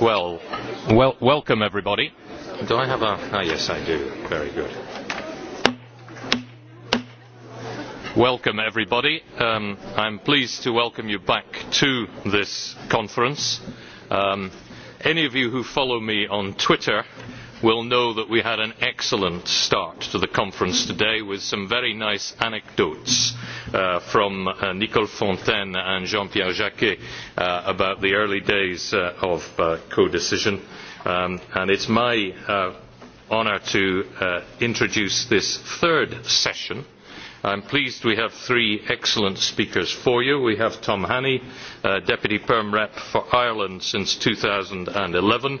Well, well, welcome everybody. Do I have a? Ah, yes, I do. Very good. Welcome everybody. Um, I'm pleased to welcome you back to this conference. Um, any of you who follow me on Twitter will know that we had an excellent start to the conference today with some very nice anecdotes from Nicole Fontaine and Jean-Pierre Jacquet about the early days of codecision. and it's my honour to introduce this third session. I am pleased we have three excellent speakers for you. We have Tom uh, Deputy Perm Rep for Ireland since 2011,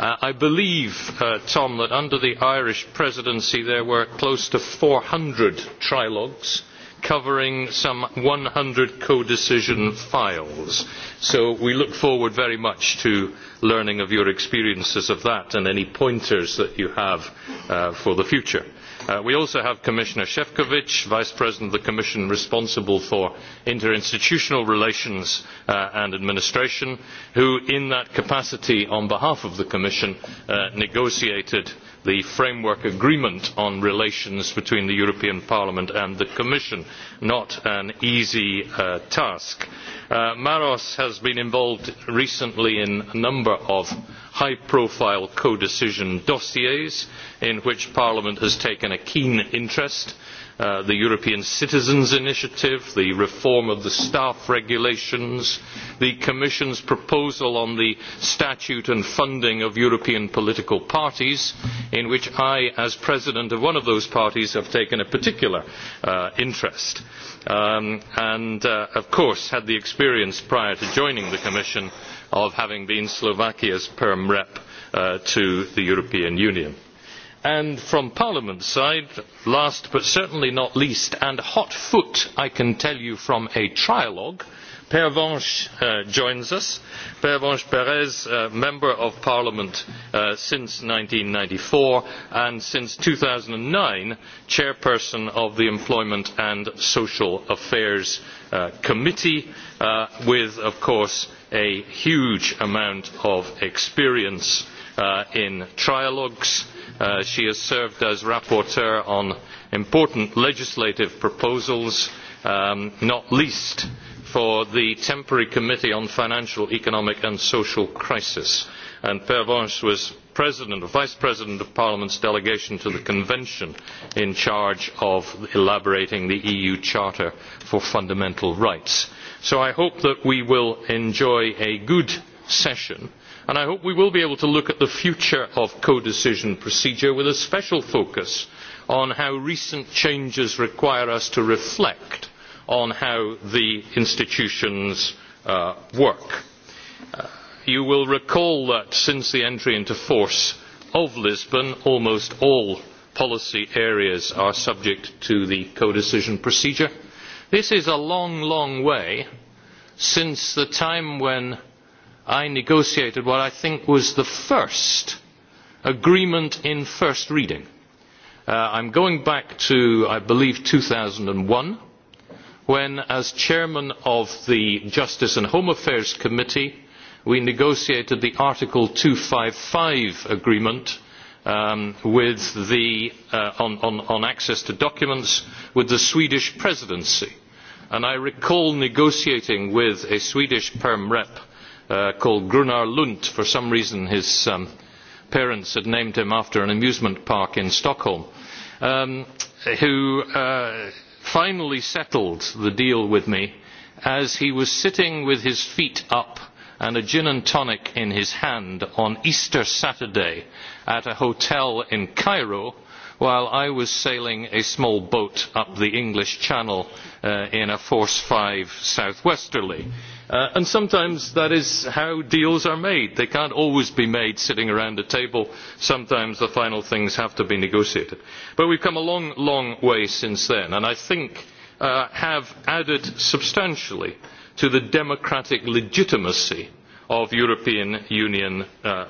i believe tom that under the irish presidency there were close to four hundred trialogues covering some one hundred codecision files so we look forward very much to learning of your experiences of that and any pointers that you have for the future we also have commissioner efovi vice president of the commission responsible for interinstitutional relations and administration who in that capacity on behalf of the commission negotiated the framework agreement on relations between the European Parliament and the Commission. Not an easy task. Maros has been involved recently in a number of high profile codecision dossiers in which Parliament has taken a keen interest the European Citizens Initiative, the reform of the staff regulations, the Commission's proposal on the statute and funding of European political parties, in which I, as president of one of those parties, have taken a particular interest. and, of course, had the experience prior to joining the Commission of having been Slovakia's perm rep to the European Union and from parliament's side last but certainly not least and hot foot i can tell you from a trialogue pervenche joins us pervenche Perez, member of parliament since one thousand nine hundred and ninety four and since two thousand and nine chairperson of the employment and social affairs committee with of course a huge amount of experience in trialogues she has served as rapporteur on important legislative proposals not least for the temporary committee on financial economic and social crisis and pervenche was President or vice president of parliament's delegation to the convention in charge of elaborating the eu charter for fundamental rights. so i hope that we will enjoy a good session and i hope we will be able to look at the future of codecision procedure with a special focus on how recent changes require us to reflect on how the institutions work. you will recall that since the entry into force of lisbon almost all policy areas are subject to the codecision procedure. this is a long way since the time when i negotiated what i think was the first agreement in first reading. i am going back to i believe two thousand and one when as chairman of the justice and home affairs committee we negotiated the article two hundred and fifty five agreement on access to documents with the swedish presidency and i recall negotiating with a swedish perm rep called Grunar Lund. For some reason, his parents had named him after an amusement park in Stockholm, who finally settled the deal with me as he was sitting with his feet up and a gin and tonic in his hand on Easter Saturday at a hotel in Cairo while I was sailing a small boat up the English Channel in a force five southwesterly and sometimes that is how deals are made. They cannot always be made sitting around a table. Sometimes the final things have to be negotiated. But we have come a long, long way since then, and I think have added substantially to the democratic legitimacy of European Union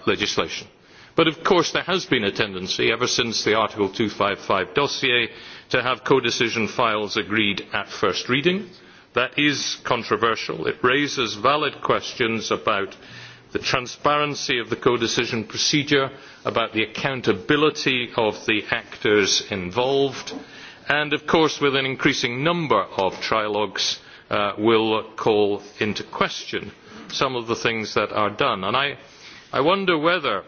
legislation. But of course there has been a tendency ever since the Article two hundred and fifty five dossier to have codecision files agreed at first reading that is controversial. it raises valid questions about the transparency of the codecision procedure about the accountability of the actors involved and of course with an increasing number of trialogues will call into question some of the things that are done. i wonder whether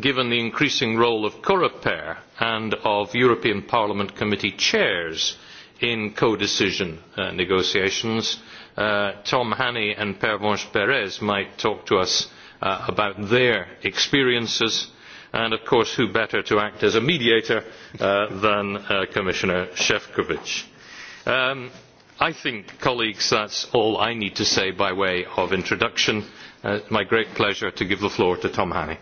given the increasing role of coreper and of european parliament committee chairs in codecision negotiations. Tom Hannay and Pervenche Perez might talk to us about their experiences and of course who better to act as a mediator than Commissioner efovi. I think, colleagues, that is all I need to say by way of introduction. It is my great pleasure to give the floor to Tom Hannay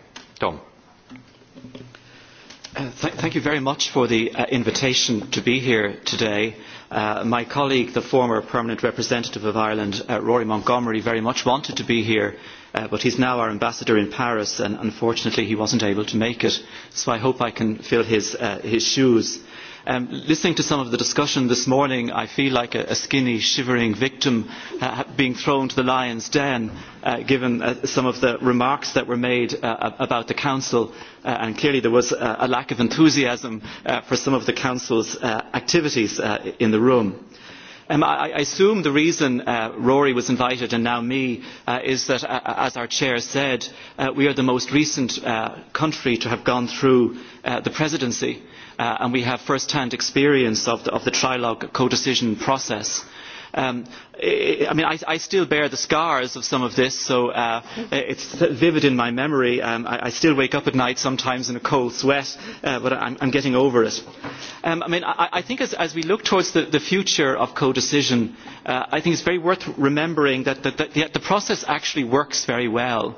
thank you very much for the invitation to be here today. my colleague, the former permanent representative of Ireland, Rory Montgomery, very much wanted to be here, but he is now our ambassador in Paris, and unfortunately he was not able to make it. So I hope I can fill his, shoes listening to some of the discussion this morning, I feel like a, a skinny, shivering victim uh, being thrown to the lion's den, uh, given uh, some of the remarks that were made uh, about the Council. Uh, and clearly there was uh, a lack of enthusiasm uh, for some of the Council's uh, activities uh, in the room. I, assume the reason Rory was invited and now me is that, as our chair said, we are the most recent country to have gone through the presidency and we have first hand experience of the trilogue codecision process. I still bear the scars of some of this, so it is vivid in my memory. I still wake up at night sometimes in a cold sweat, but I am getting over it. I think as we look towards the future of codecision, I think it is very worth remembering that the process actually works very well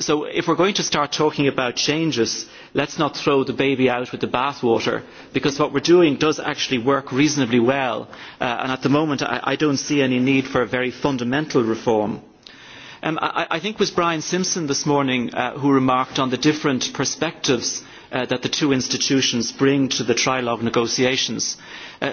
so if we are going to start talking about changes let us not throw the baby out with the bathwater because what we are doing does actually work reasonably well and at the moment i do not see any need for a very fundamental reform. i think it was brian simpson this morning who remarked on the different perspectives that the two institutions bring to the trilogue negotiations.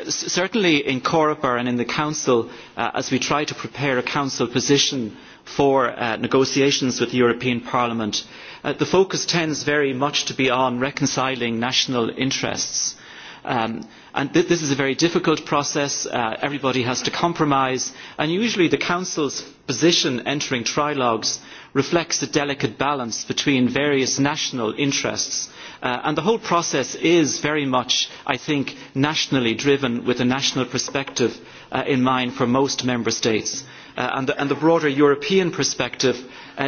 certainly in coreper and in the council as we try to prepare a council position for negotiations with the European Parliament, the focus tends very much to be on reconciling national interests. this is a very difficult process. everybody has to compromise. And usually the Council's position entering trilogues reflects a delicate balance between various national interests. and the whole process is very much, I think, nationally driven with a national perspective in mind for most member states and, the, broader European perspective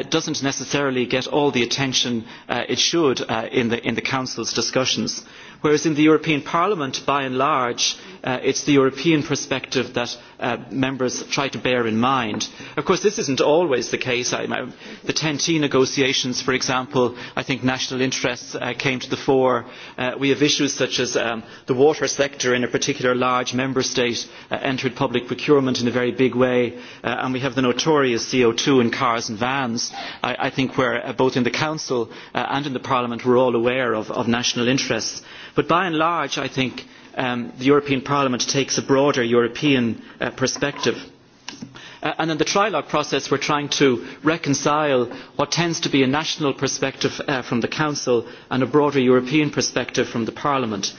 does not necessarily get all the attention it should in the council's discussions whereas in the european parliament by and large it is the european perspective that members try to bear in mind. of course this is not always the case. the ten t negotiations for example i think national interests came to the fore. we have issues such as the water sector in a particular large member state entered public procurement in a very big way and we have the notorious co two in cars and vans problems i think where both in the council and in parliament all aware of national interests but by and large i think the european parliament takes a broader european perspective and in the trilogue process we are trying to reconcile what tends to be a national perspective from the council and a broader european perspective from parliament.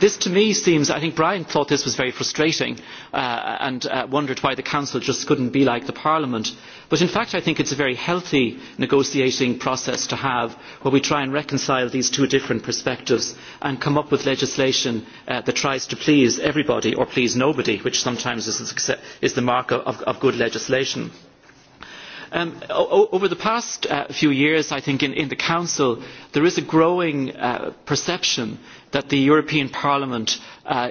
this to me seems i think brian thought this was very frustrating and wondered why the council just could not be like parliament but in fact i think it is a very healthy negotiating process to have where we try and reconcile these two different perspectives and come up with legislation that tries to please everybody or please nobody which sometimes is the mark of good legislation over the past few years, I think, in, the Council, there is a growing perception that the European Parliament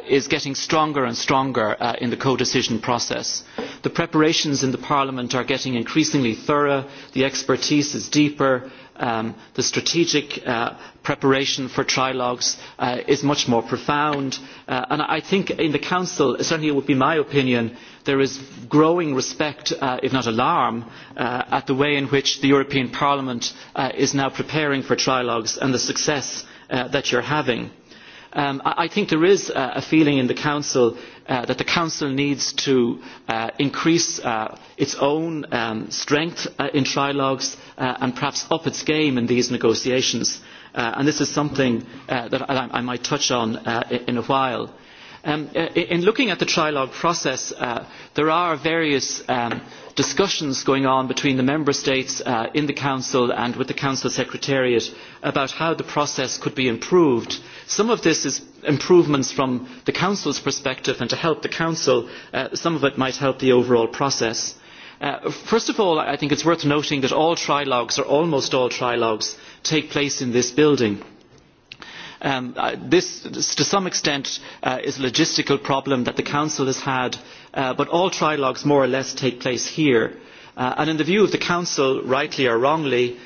is getting stronger and stronger in the codecision process. The preparations in Parliament are getting increasingly thorough, the expertise is deeper, the strategic preparation for trilogues is much more profound. and I think in the Council, certainly it would be my opinion, there is growing respect, if not alarm, at the way in which the European Parliament is now preparing for trilogues and the success that you are having. I think there is a feeling in the Council that the Council needs to increase its own strength in trilogues and perhaps up its game in these negotiations. and this is something that I, might touch on in a while. in looking at the trilogue process, there are various discussions going on between the member states in the council and with the council secretariat about how the process could be improved. some of this is improvements from the council's perspective and to help the council some of it might help the overall process. first of all i think it is worth noting that all trialogues or almost all trialogues take place in this building this to some extent is a logistical problem that the council has had but all trialogues more or less take place here. and in the view of the Council, rightly or wrongly,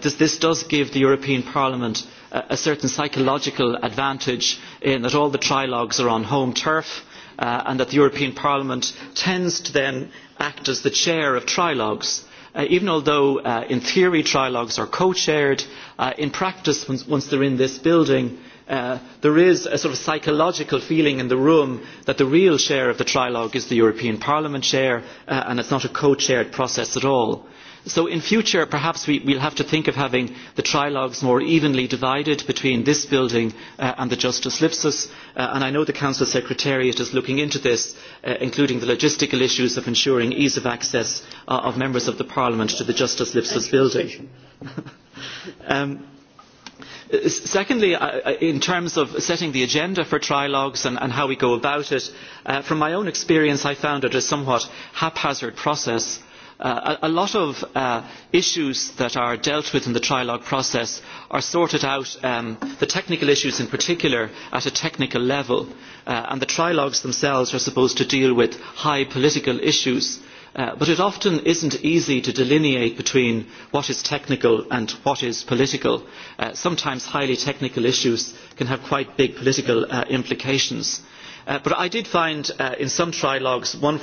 this, does give the European Parliament a certain psychological advantage in that all the trialogues are on home turf and that the European Parliament tends to then act as the chair of trialogues. even although in theory trialogues are co-chaired, in practice, once, they are in this building, there is a sort of psychological feeling in the room that the real share of the trilogue is the European Parliament share and it is not a co-chaired process at all. So in future perhaps we will have to think of having the trilogues more evenly divided between this building and the Justice Lipsus and I know the Council Secretariat is looking into this including the logistical issues of ensuring ease of access of members of Parliament to the Justice Lipsus building secondly in terms of setting the agenda for trialogues and how we go about it from my own experience i found it a somewhat haphazard process. a lot of issues that are dealt with in the trialogue process are sorted out the technical issues in particular at a technical level and the trialogues themselves are supposed to deal with high political issues but it often is not easy to delineate between what is technical and what is political. sometimes highly technical issues can have quite big political implications. but I did find in some trilogues, one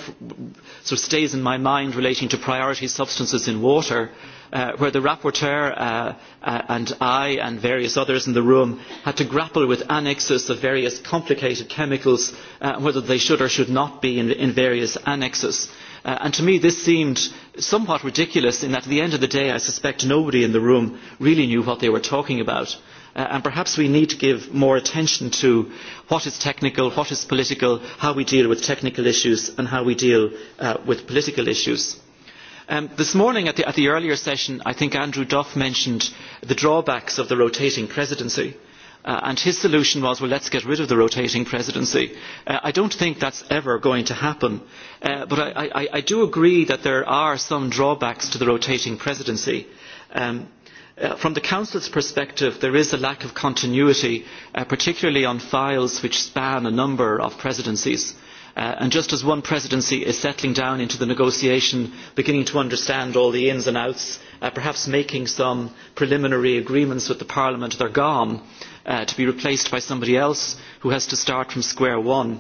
sort of stays in my mind relating to priority substances in water, where the rapporteur and I and various others in the room had to grapple with annexes of various complicated chemicals, and whether they should or should not be in, various annexes and to me this seemed somewhat ridiculous in that at the end of the day I suspect nobody in the room really knew what they were talking about. and perhaps we need to give more attention to what is technical, what is political, how we deal with technical issues and how we deal with political issues this morning at the earlier session i think andrew duff mentioned the drawbacks of the rotating presidency and his solution was well let us get rid of the rotating presidency. i do not think that is ever going to happen but i do agree that there are some drawbacks to the rotating presidency. from the council's perspective there is a lack of continuity particularly on files which span a number of presidencies and just as one presidency is settling down into the negotiation beginning to understand all the ins and outs perhaps making some preliminary agreements with parliament they are gone to be replaced by somebody else who has to start from square one.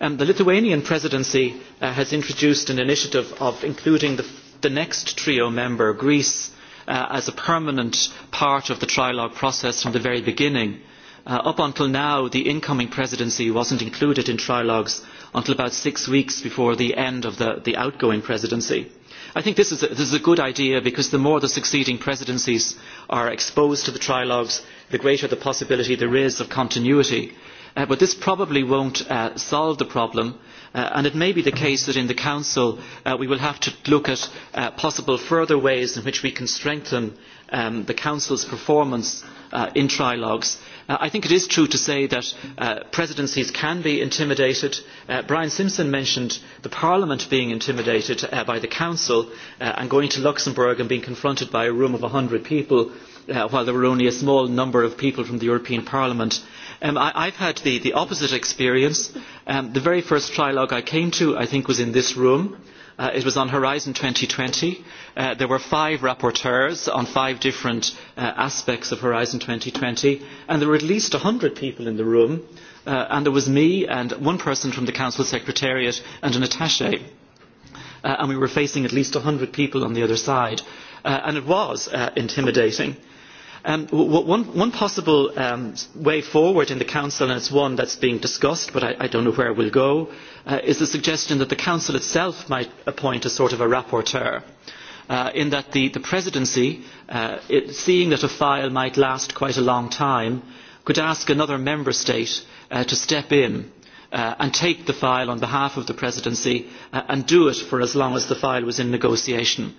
the Lithuanian presidency has introduced an initiative of including the, next trio member, Greece, as a permanent part of the trilogue process from the very beginning up until now, the incoming presidency was not included in trilogues until about six weeks before the end of the, outgoing presidency. I think this is, a, good idea because the more the succeeding presidencies are exposed to the trilogues, the greater the possibility there is of continuity but this probably will not solve the problem and it may be the case that in the council we will have to look at possible further ways in which we can strengthen the council's performance in trialogues. i think it is true to say that presidencies can be intimidated. brian simpson mentioned parliament being intimidated by the council and going to luxembourg and being confronted by a room of one hundred people while there were only a small number of people from the european parliament Um, I, have had the, the opposite experience. the very first trilogue I came to, I think, was in this room. it was on Horizon twenty. Uh, there were five rapporteurs on five different aspects of Horizon twenty, and there were at least hundred people in the room, and there was me and one person from the Council Secretariat and an attaché and we were facing at least one hundred people on the other side. and it was intimidating one, possible way forward in the Council, and it is one that is being discussed, but I, do not know where it will go, is the suggestion that the Council itself might appoint a sort of a rapporteur in that the, presidency, seeing that a file might last quite a long time, could ask another member state to step in and take the file on behalf of the presidency and do it for as long as the file was in negotiation.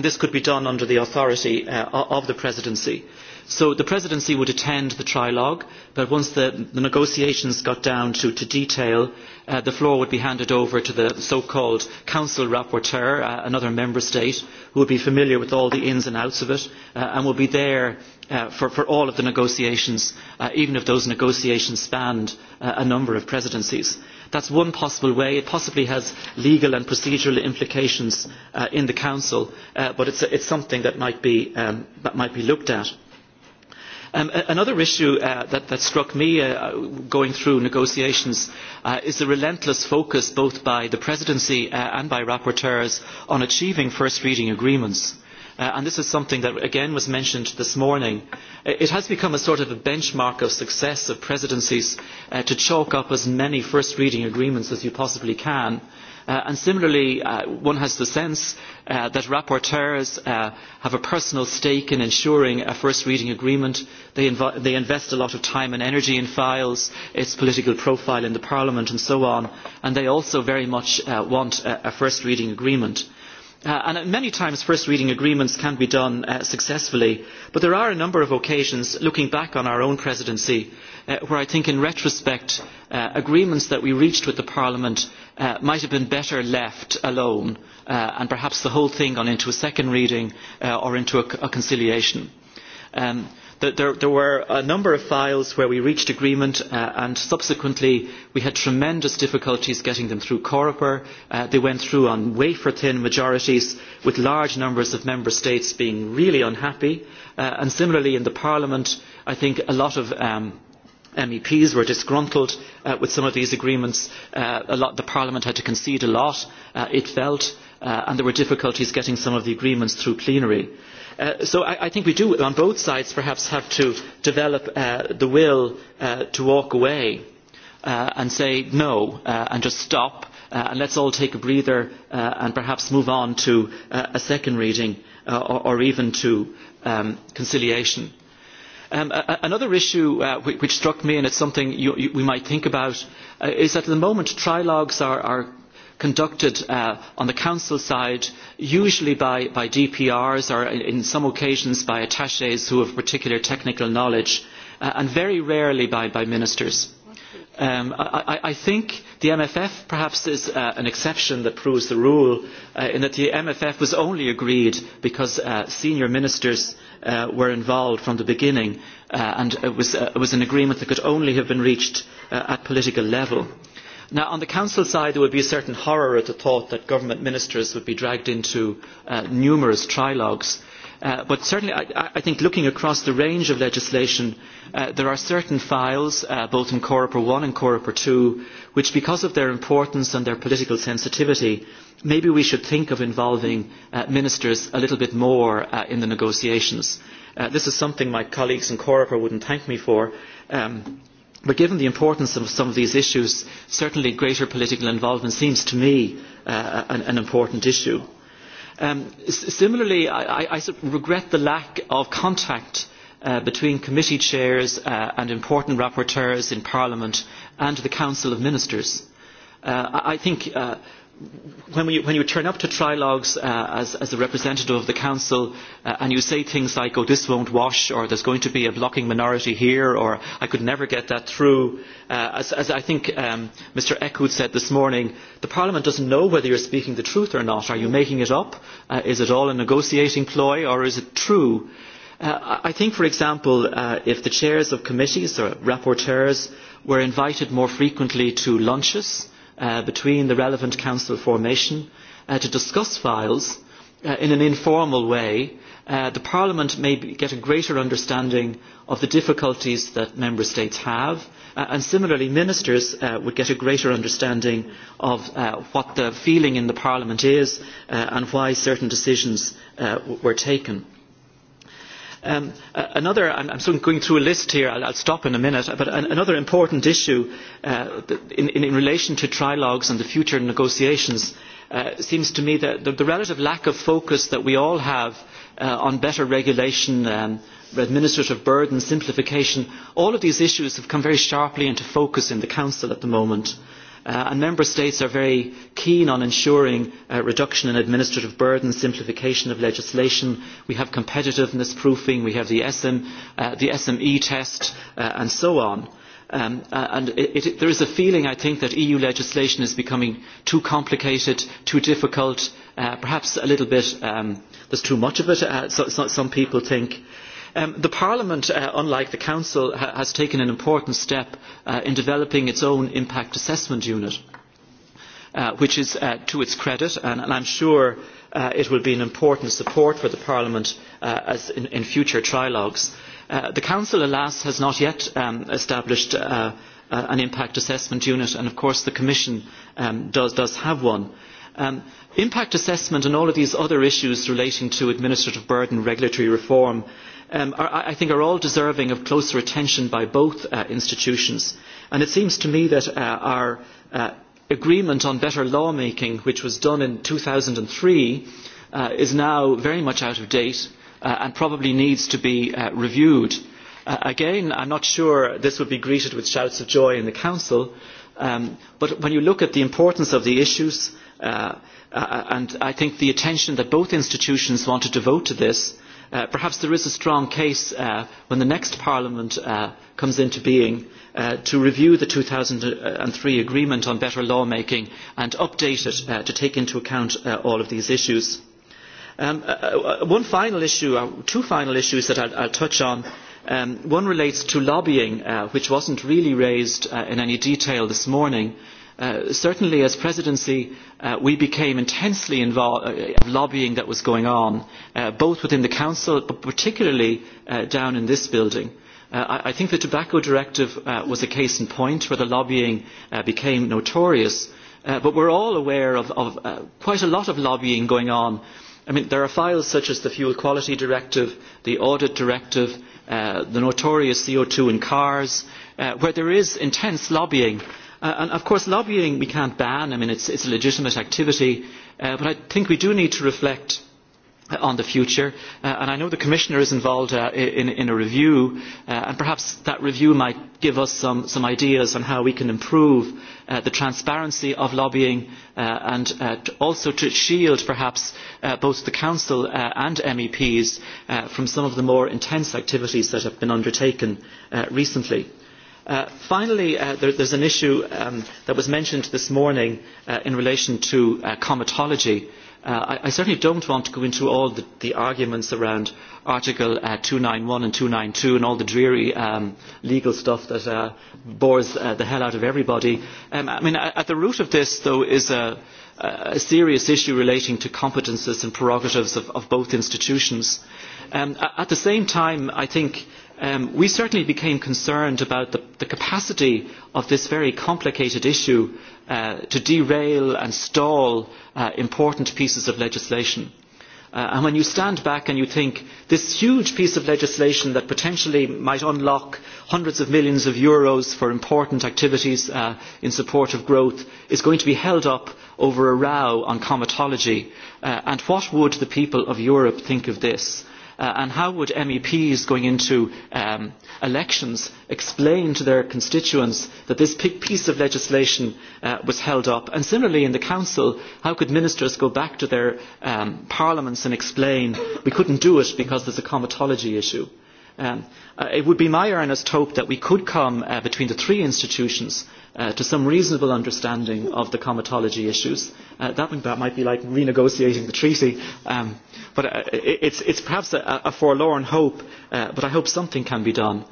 this could be done under the authority of the presidency. So the presidency would attend the trilogue, but once the, negotiations got down to, detail, the floor would be handed over to the so-called council rapporteur, another member state, who would be familiar with all the ins and outs of it and would be there for, for all of the negotiations, even if those negotiations spanned a number of presidencies. That is one possible way. It possibly has legal and procedural implications in the Council, but it is something that might be, looked at. another issue that, struck me going through negotiations is the relentless focus both by the Presidency and by rapporteurs on achieving first reading agreements and this is something that again was mentioned this morning. It has become a sort of a benchmark of success of presidencies to chalk up as many first reading agreements as you possibly can. and similarly, one has the sense that rapporteurs have a personal stake in ensuring a first reading agreement. They, invest a lot of time and energy in files, its political profile in parliament and so on, and they also very much want a first reading agreement many times first reading agreements can be done successfully but there are a number of occasions looking back on our own presidency where i think in retrospect agreements that we reached with parliament might have been better left alone and perhaps the whole thing gone into a second reading or into a conciliation there were a number of files where we reached agreement and subsequently we had tremendous difficulties getting them through Coreper. they went through on wafer-thin majorities with large numbers of member states being really unhappy. and similarly in Parliament, I think a lot of meps were disgruntled with some of these agreements. the parliament had to concede a lot it felt and there were difficulties getting some of the agreements through plenary so I, I think we do, on both sides, perhaps have to develop the will to walk away and say no and just stop and let us all take a breather and perhaps move on to a second reading or, even to conciliation. another issue which struck me, and it is something we might think about, is that at the moment trilogues are, conducted on the council side, usually by, DPRs or in some occasions by attaches who have particular technical knowledge, and very rarely by, ministers. I, think the MFF perhaps is an exception that proves the rule, in that the MFF was only agreed because senior ministers were involved from the beginning, and it was, an agreement that could only have been reached at political level. Uh, Now, on the Council side, there would be a certain horror at the thought that government ministers would be dragged into numerous trilogues. but certainly, I, I think looking across the range of legislation, there are certain files, both in Coreper 1 and Coreper 2, which, because of their importance and their political sensitivity, maybe we should think of involving ministers a little bit more in the negotiations. this is something my colleagues in Coreper wouldn't thank me for. Um, But given the importance of some of these issues, certainly greater political involvement seems to me uh, an, an important issue. Um, similarly, I, I, I regret the lack of contact uh, between committee chairs uh, and important rapporteurs in Parliament and the Council of Ministers. Uh, I, I think uh, when, we, when you turn up to trilogues uh, as, as a representative of the council uh, and you say things like, oh, this won't wash, or there's going to be a blocking minority here, or I could never get that through, uh, as, as I think um, Mr. Eckhout said this morning, the Parliament doesn't know whether you're speaking the truth or not. Are you making it up? Uh, is it all a negotiating ploy, or is it true? Uh, I think, for example, uh, if the chairs of committees or rapporteurs were invited more frequently to lunches, between the relevant council formation to discuss files in an informal way. Parliament may get a greater understanding of the difficulties that member states have, and similarly ministers would get a greater understanding of what the feeling in Parliament is and why certain decisions were taken i am going through a list here, I will stop in a minute, but another important issue in, relation to trilogues and the future negotiations seems to me that the, the relative lack of focus that we all have on better regulation, administrative burdens, simplification, all of these issues have come very sharply into focus in the Council at the moment and member states are very keen on ensuring a reduction in administrative burden, simplification of legislation. We have competitiveness proofing, we have the, SME test, and so on. there is a feeling, I think, that EU legislation is becoming too complicated, too difficult, perhaps a little bit, um, there's too much of it, some people think The parliament unlike the council has taken an important step in developing its own impact assessment unit which is to its credit and i am sure it will be an important support for parliament in future trialogues. the council alas has not yet established an impact assessment unit and of course the commission does have one. impact assessment and all of these other issues relating to administrative burden regulatory reform I think are all deserving of closer attention by both institutions. And it seems to me that our agreement on better lawmaking, which was done in two thousand three, is now very much out of date and probably needs to be reviewed. again, I am not sure this would be greeted with shouts of joy in the Council, but when you look at the importance of the issues and I think the attention that both institutions want to devote to this, perhaps there is a strong case when the next Parliament comes into being to review the two thousand three agreement on better Law Making and update it to take into account all of these issues. one final issue, or two final issues that I will touch on. one relates to lobbying, which was not really raised in any detail this morning, certainly as presidency we became intensely involved in lobbying that was going on both within the council but particularly down in this building. I think the tobacco directive was a case in point where the lobbying became notorious but we are all aware of quite a lot of lobbying going on. there are files such as the fuel quality directive, the audit directive, the notorious co two in cars, where there is intense lobbying and of course lobbying we can't ban, I mean it's, it's a legitimate activity, uh, but I think we do need to reflect on the future and I know the Commissioner is involved in, a review and perhaps that review might give us some, ideas on how we can improve the transparency of lobbying and also to shield perhaps both the Council and MEPs from some of the more intense activities that have been undertaken recently finally, there, is an issue that was mentioned this morning in relation to comitology. I, certainly do not want to go into all the, arguments around Article two hundred and one and two two hundred ninety and all the dreary legal stuff that bores the hell out of everybody. at the root of this, though, is a, serious issue relating to competences and prerogatives of, both institutions. at the same time, I think we certainly became concerned about the, the capacity of this very complicated issue uh, to derail and stall uh, important pieces of legislation. Uh, and when you stand back and you think this huge piece of legislation that potentially might unlock hundreds of millions of euros for important activities uh, in support of growth is going to be held up over a row on comitology, uh, and what would the people of Europe think of this? and how would MEPs going into elections explain to their constituents that this piece of legislation was held up? And similarly in the Council, how could ministers go back to their parliaments and explain we could not do it because there is a comitology issue? it would be my earnest hope that we could come between the three institutions to some reasonable understanding of the comitology issues. that, might be like renegotiating the treaty, but it is perhaps a forlorn hope, but I hope something can be done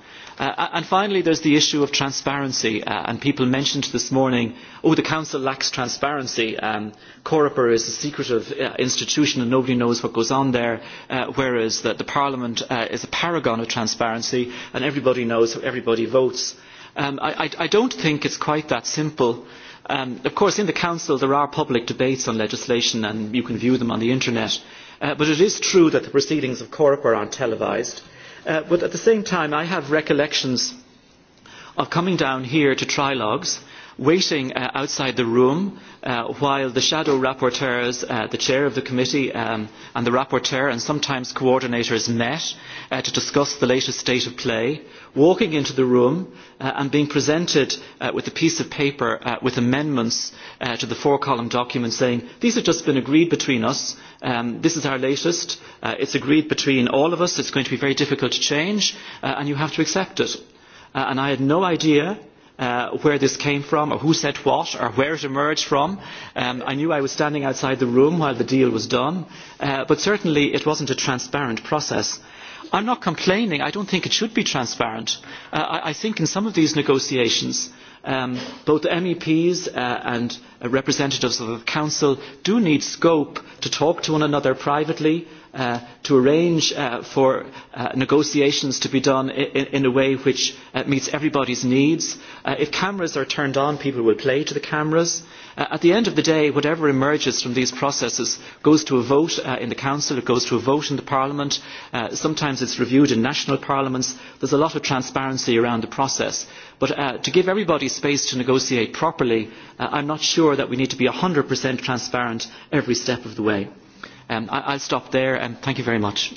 and finally there is the issue of transparency and people mentioned this morning that the council lacks transparency coreper is a secretive institution and nobody knows what goes on there whereas parliament is a paragon of transparency and everybody knows how everybody votes. i do not think it is quite that simple. of course in the council there are public debates on legislation and you can view them on the internet but it is true that the proceedings of coreper are not televised but at the same time, I have recollections of coming down here to trilogues, waiting uh, outside the room uh, while the shadow rapporteurs, uh, the chair of the committee um, and the rapporteur and sometimes coordinators met uh, to discuss the latest state of play walking into the room and being presented with a piece of paper with amendments to the four column document saying these have just been agreed between us this is our latest it is agreed between all of us it is going to be very difficult to change and you have to accept it. i had no idea where this came from or who said what or where it emerged from. I knew I was standing outside the room while the deal was done, but certainly it was not a transparent process I am not complaining. I do not think it should be transparent. I, think in some of these negotiations, both MEPs and representatives of the Council do need scope to talk to one another privately, to arrange for negotiations to be done in, a way which meets everybody's needs. if cameras are turned on, people will play to the cameras. at the end of the day, whatever emerges from these processes goes to a vote in the Council, it goes to a vote in the Parliament. sometimes it is reviewed in national parliaments. There is a lot of transparency around the process. But to give everybody space to negotiate properly, I am not sure that we need to be one 100% transparent every step of the way. Um, I, I'll stop there and thank you very much.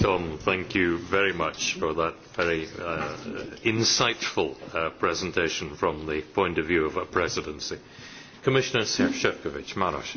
Tom, thank you very much for that very uh, insightful uh, presentation from the point of view of a presidency. Commissioner Shevchevkovich, Marosh.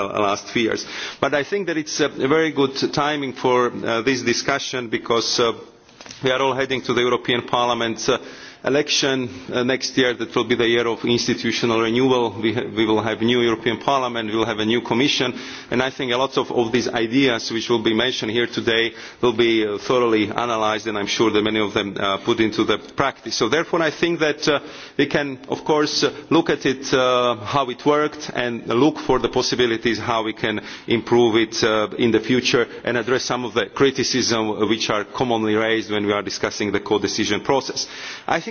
the last few years. But I think that it a very good timing for this discussion because we are all heading to the European Parliament election next year. That will be the year of institutional renewal. We, ha we will have a new European Parliament, we will have a new Commission, and I think a lot of, of these ideas which will be mentioned here today will be uh, thoroughly analysed, and I'm sure that many of them uh, put into the practice. So therefore, I think that uh, we can, of course, look at it uh, how it worked and look for the possibilities how we can improve it uh, in the future and address some of the criticism which are commonly raised when we are discussing the co-decision process. I think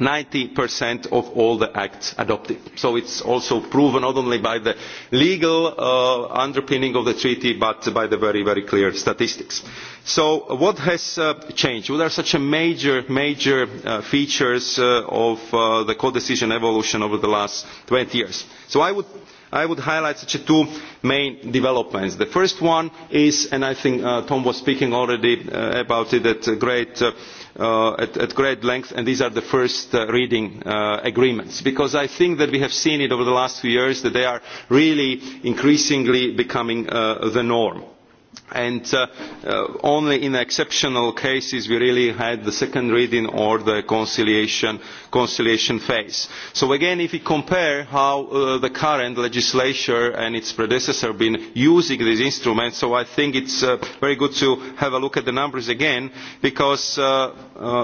ninety of all the acts adopted. so it is also proven not only by the legal underpinning of the treaty but by the very clear statistics. so what has changed? what are such major major features of the codecision evolution over the last twenty years? so i would I would highlight such two main developments. The first one is, and I think Tom was speaking already about it at great length, and these are the first reading agreements, because I think that we have seen it over the last few years that they are really increasingly becoming the norm and only in exceptional cases we really had the second reading or the conciliation phase. so again if we compare how the current legislature and its predecessor have been using these instruments so i think it is very good to have a look at the numbers again because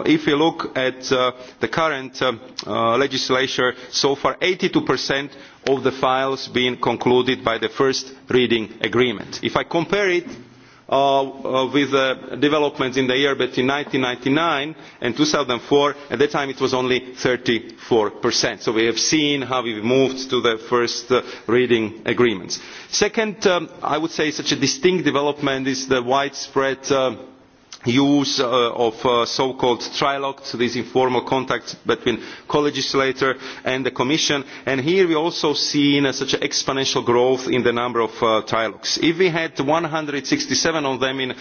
if you look at the current legislature so far eighty two of the files being concluded by the first reading agreement. If I compare it with the developments in the year between one thousand nine hundred and ninety nine and two thousand and four at that time it was only. thirty four so we have seen how we moved to the first reading agreements. second i would say such a distinct development is the widespread use of so-called trilogues, these informal contacts between co-legislator and the Commission. And here we have also seen such an exponential growth in the number of trilogues. If we had one hundred and sixty seven of them in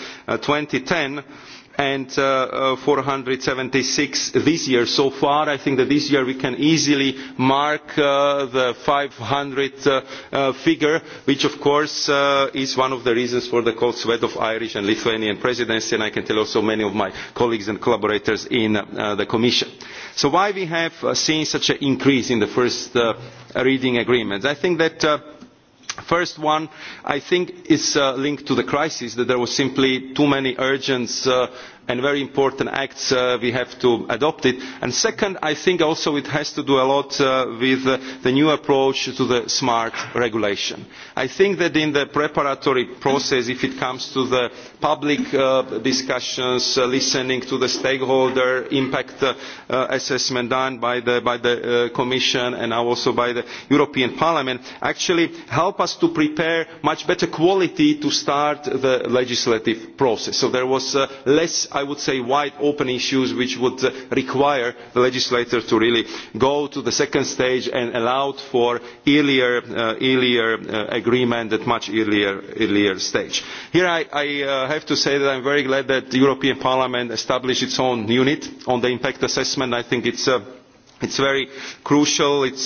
ten and four hundred and seventy six this year so far. I think that this year we can easily mark the five hundred figure, which of course is one of the reasons for the cold sweat of Irish and Lithuanian presidency, and I can tell also many of my colleagues and collaborators in the Commission. So why we have seen such an increase in the first reading agreement? I think that first one i think is linked to the crisis that there were simply too many urgent and very important acts we have to adopt it. and second i think also it has to do a lot with the new approach to the smart regulation. i think that in the preparatory process if it comes to the public discussions listening to the stakeholder impact assessment done by the commission and now also by the european parliament actually help us to prepare much better quality to start the legislative process so there was less i would say wide open issues which would require the legislator to really go to the second stage and allow for earlier agreement at a much earlier stage. here i have to say that i am very glad that the european parliament established its own unit on the impact assessment. i think it is very crucial. it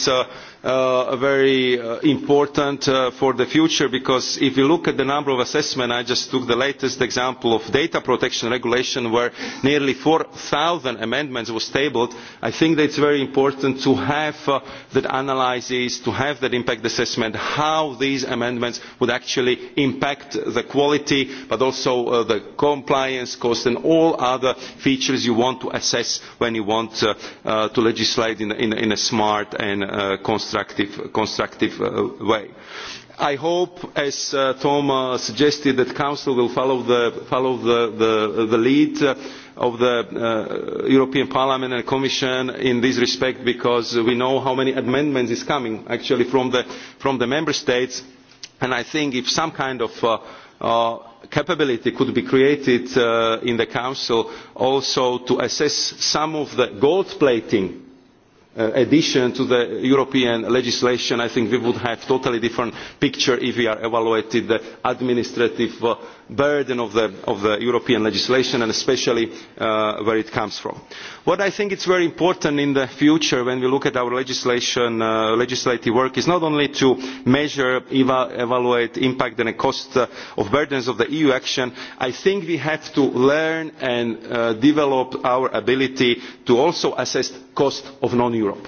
very important for the future because if you look at the number of assessments, I just took the latest example of data protection regulation where nearly four 4,000 amendments were tabled. I think that it's very important to have that analysis, to have that impact assessment, how these amendments would actually impact the quality but also the compliance cost and all other features you want to assess when you want to legislate in a smart and uh, constructive, way. I hope, as Tom suggested, that the Council will follow the, lead of the European Parliament and Commission in this respect because we know how many amendments is coming actually from the, Member States and I think if some kind of capability could be created in the Council also to assess some of the gold plating addition to the European legislation, I think we would have a totally different picture if we evaluated the administrative burden of the, European legislation and especially where it comes from. What I think is very important in the future when we look at our legislation, legislative work is not only to measure, evaluate the impact and the cost of burdens of the EU action, I think we have to learn and develop our ability to also assess the cost of non-Europe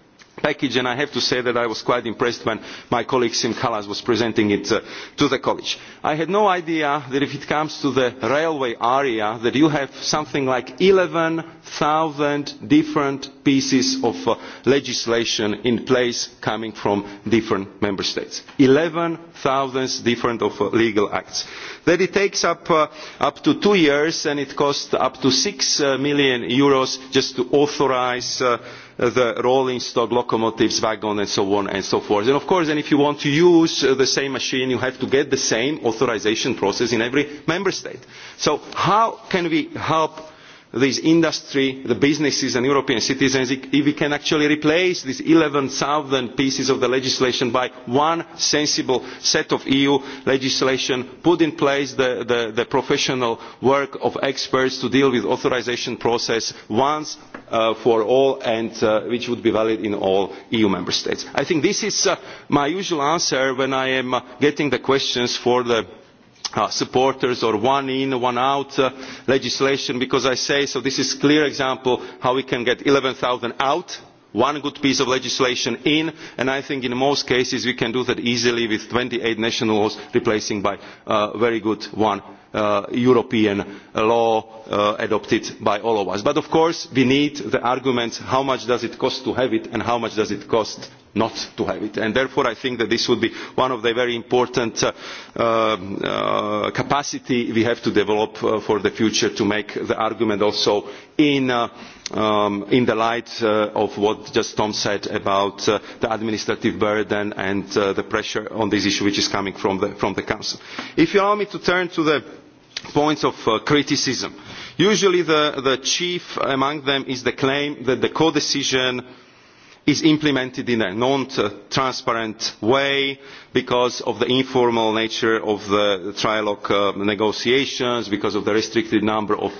package and I have to say that I was quite impressed when my colleague Sim Kallas was presenting it to the college. I had no idea that if it comes to the railway area that you have something like eleven thousand different pieces of legislation in place coming from different member states. eleven thousand different legal acts. That it takes up, to two years and it costs up to EUR six million just to authorise the rolling stock locomotives, wagons and so on and so forth. And of course, if you want to use the same machine, you have to get the same authorisation process in every member state. So how can we help this industry, the businesses and European citizens, if we can actually replace these eleven zero pieces of legislation by one sensible set of EU legislation, put in place the, professional work of experts to deal with the authorisation process once for all and which would be valid in all EU member states. I think this is my usual answer when I am getting the questions for the supporters or one in one out legislation because i say so this is a clear example of how we can get eleven zero out one good piece of legislation in and i think in most cases we can do that easily with twenty eight national laws replaced by a very good one european law adopted by all of us. but of course we need the arguments how much does it cost to have it and how much does it cost not to have it? therefore i think that this would be one of the very important capacities we have to develop for the future to make the argument also in the light of what just tom said about the administrative burden and the pressure on this issue which is coming from the council. if you allow me to turn to the points of criticism. Usually the, chief among them is the claim that the codecision is implemented in a non transparent way because of the informal nature of the trilogue negotiations because of the restricted number of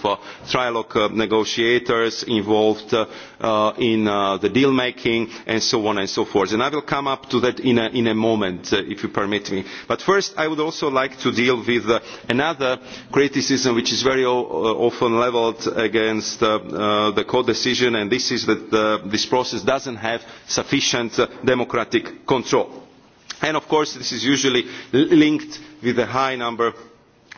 trilogue negotiators involved in the deal making and so on and so forth. i will come back to that in a moment if you permit me. but first i would also like to deal with another criticism which is very often levelled against the codecision and this is that this process does not have sufficient democratic control. And of course this is usually linked with a high number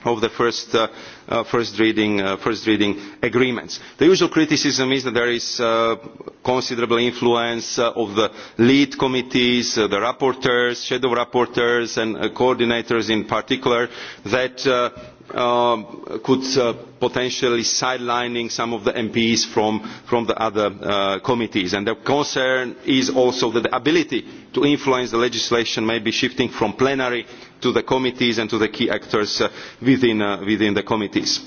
of the first, uh, uh, first, reading, uh, first reading agreements. The usual criticism is that there is uh, considerable influence uh, of the lead committees, uh, the rapporteurs, shadow rapporteurs and uh, coordinators in particular that uh, could potentially sideline some of the MPs from, the other committees. And the concern is also that the ability to influence the legislation may be shifting from plenary to the committees and to the key actors within the committees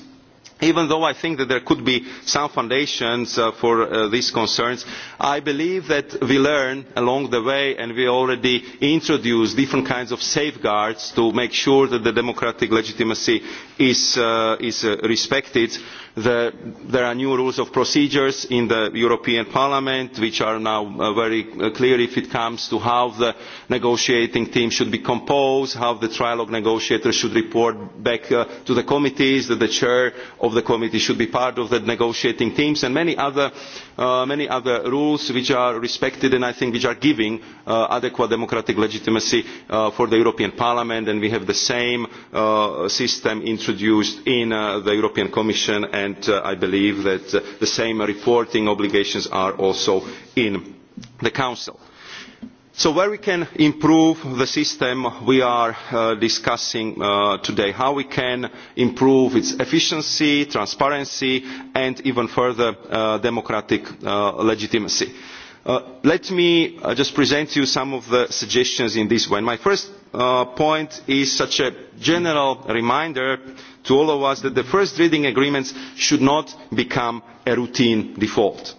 even though I think that there could be some foundations for these concerns, I believe that we learn along the way and we already introduced different kinds of safeguards to make sure that the democratic legitimacy is respected there are new rules of procedure in the European Parliament which are now very clear if it comes to how the negotiating team should be composed, how the trilogue negotiators should report back to the committees, that the chair of the committee should be part of the negotiating teams and many other, rules which are respected and I think which are giving adequate democratic legitimacy for the European Parliament and we have the same system introduced in the European Commission and and I believe that the same reporting obligations are also in the Council. So where we can improve the system we are discussing today, how we can improve its efficiency, transparency and even further democratic legitimacy. let me just present you some of the suggestions in this way. My first point is such a general reminder to all of us that the first reading agreements should not become a routine default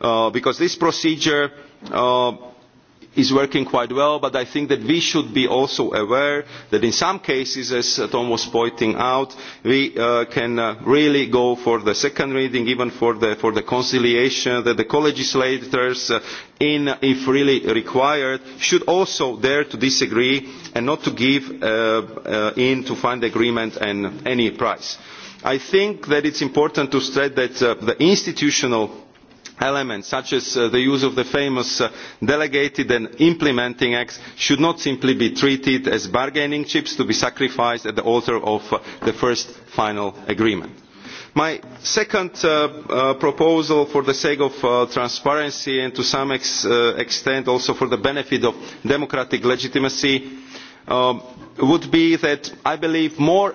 because this procedure is working quite well, but I think that we should be also aware that in some cases, as Tom was pointing out, we can really go for the second reading, even for the, for the conciliation, that the co-legislators, if really required, should also dare to disagree and not to give in to find agreement at any price. I think that it is important to stress that the institutional elements such as the use of the famous delegated and implementing acts should not simply be treated as bargaining chips to be sacrificed at the altar of the first final agreement. my second proposal for the sake of transparency and to some extent also for the benefit of democratic legitimacy would be that i believe more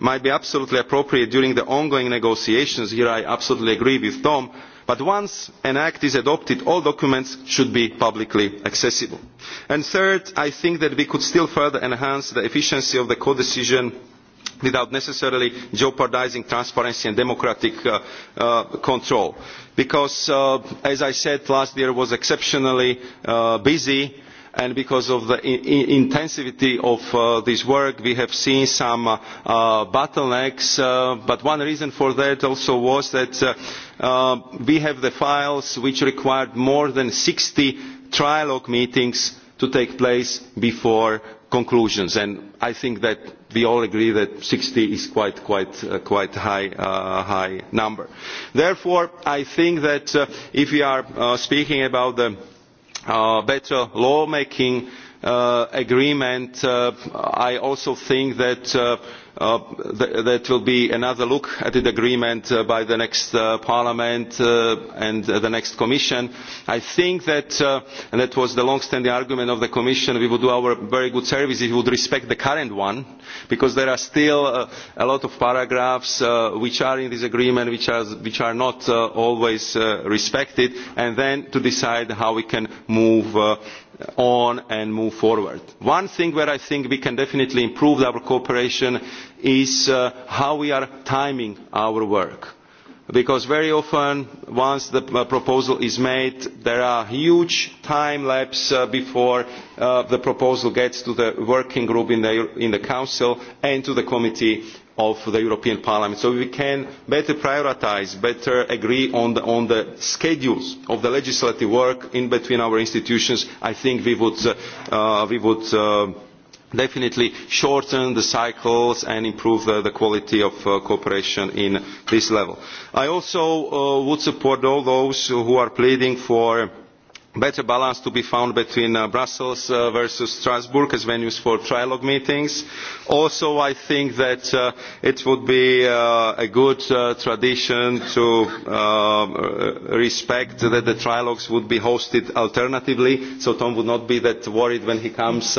might be absolutely appropriate during the ongoing negotiations here i absolutely agree with tom but once an act is adopted all documents should be publicly accessible. third i think that we could still further enhance the efficiency of the codecision without necessarily jeopardising transparency and democratic control because as i said last year was exceptionally busy and because of the intensity of this work we have seen some bottlenecks but one reason for that also was that we have the files which required more than sixty trialogue meetings to take place before conclusions and i think that we all agree that sixty is quite a high number. therefore i think that if we are speaking about the better law making agreement i also think that that will be another look at the agreement by the next parliament and the next commission. i think that and that was the long standing argument of the commission we would do our very good service if we would respect the current one because there are still a lot of paragraphs which are in this agreement which are not always respected and then to decide how we can move on and move forward. One thing where I think we can definitely improve our cooperation is how we are timing our work. Because very often, once the proposal is made, there are huge time lapses before the proposal gets to the working group in the, Council and to the committee of the European Parliament. So we can better prioritise, better agree on the, schedules of the legislative work in between our institutions. I think we would, definitely shorten the cycles and improve the, quality of cooperation at this level. I also would support all those who are pleading for better balance to be found between Brussels versus Strasbourg as venues for trilogue meetings. Also, I think that it would be a good tradition to respect that the trilogues would be hosted alternatively, so Tom would not be that worried when he comes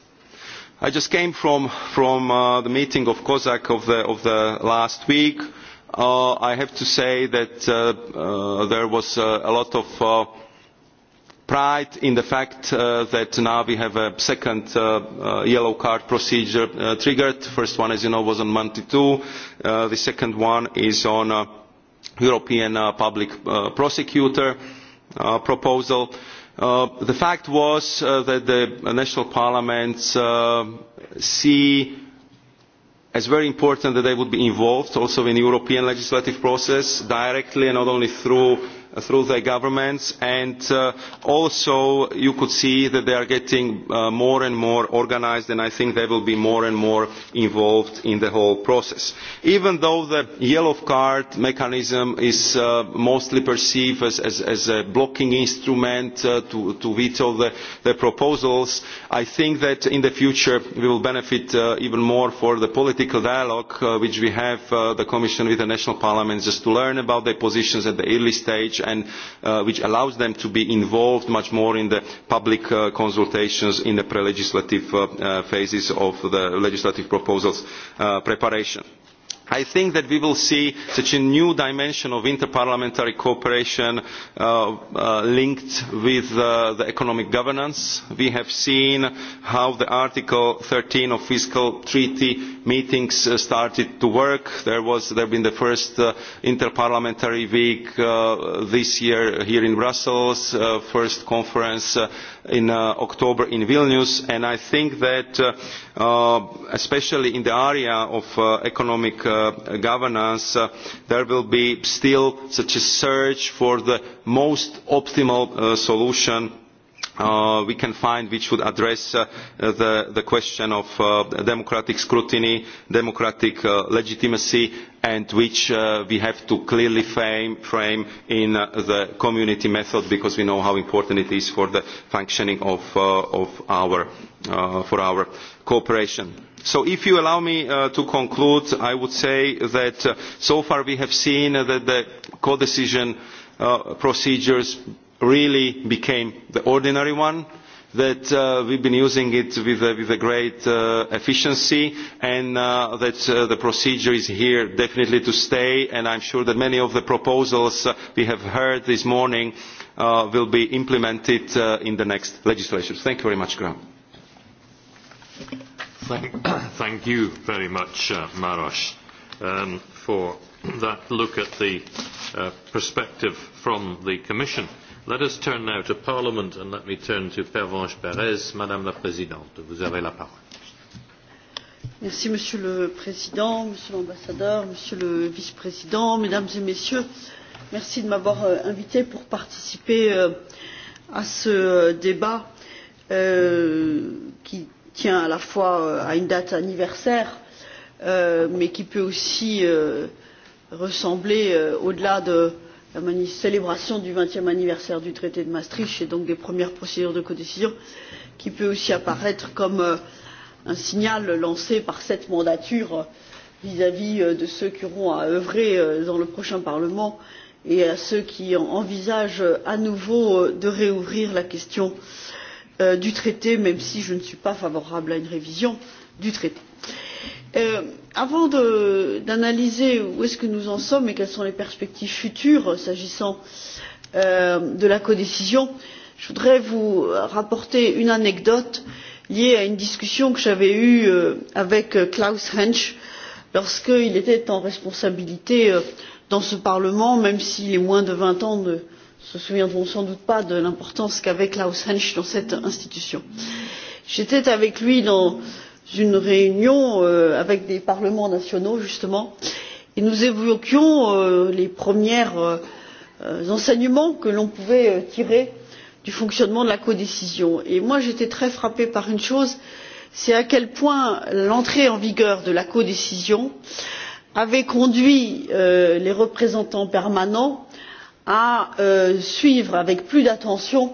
I just came from, the meeting of COSAC of the, of the last week. I have to say that there was a lot of pride in the fact that now we have a second yellow card procedure triggered. The first one, as you know, was on monday. two. the second one is on the European Public Prosecutor proposal the fact was that the national parliaments see it as very important that they would be involved also in the European legislative process directly and not only through through their governments and also you could see that they are getting more and more organised and I think they will be more and more involved in the whole process. Even though the yellow card mechanism is mostly perceived as, a blocking instrument to, veto the, proposals, I think that in the future we will benefit even more for the political dialogue which we have the Commission with the national parliaments just to learn about their positions at the early stage and which allows them to be involved much more in the public consultations in the pre legislative phases of the legislative proposals preparation i think that we will see such a new dimension of interparliamentary cooperation linked with economic governance. we have seen how article thirteen of the fiscal treaty meetings started to work. There was there been the first interparliamentary week this year here in Brussels, uh, first conference in October in Vilnius, and I think that especially in the area of economic governance, there will be still such a search for the most optimal solution we can find which would address the, question of democratic scrutiny, democratic legitimacy, and which we have to clearly frame, in the community method because we know how important it is for the functioning of, our, cooperation. So if you allow me to conclude, I would say that so far we have seen that the codecision decision procedures really became the ordinary one that uh, we've been using it with, uh, with a great uh, efficiency and uh, that uh, the procedure is here definitely to stay and I'm sure that many of the proposals uh, we have heard this morning uh, will be implemented uh, in the next legislature. Thank you very much, Graham. Thank, thank you very much, uh, Maros, um, for that look at the uh, perspective from the Commission Let us turn now to Parliament and let me turn to Pervenche Perez. Madame la Présidente, vous avez la parole. Merci Monsieur le Président, Monsieur l'Ambassadeur, Monsieur le Vice-président, Mesdames et Messieurs, merci de m'avoir euh, invité pour participer euh, à ce euh, débat euh, qui tient à la fois euh, à une date anniversaire euh, mais qui peut aussi euh, ressembler euh, au delà de euh, la célébration du vingtième anniversaire du traité de maastricht et donc des premières procédures de codécision qui peut aussi apparaître comme un signal lancé par cette mandature vis à vis de ceux qui auront à œuvrer dans le prochain parlement et à ceux qui envisagent à nouveau de rouvrir la question du traité même si je ne suis pas favorable à une révision du traité. Avant d'analyser où est-ce que nous en sommes et quelles sont les perspectives futures s'agissant de la codécision je voudrais vous rapporter une anecdote liée à une discussion que j'avais eue avec klaus hensch lorsqu'il était en responsabilité dans ce parlement même si les moins de vingt ans ne se souviendront sans doute pas de l'importance qu'avait klaus hensch dans cette institution. j'étais avec lui dans une réunion avec des parlements nationaux justement et nous évoquions les premiers enseignements que l'on pouvait tirer du fonctionnement de la codécision. j'étais très frappée par une chose c'est à quel point l'entrée en vigueur de la codécision avait conduit les représentants permanents à suivre avec plus d'attention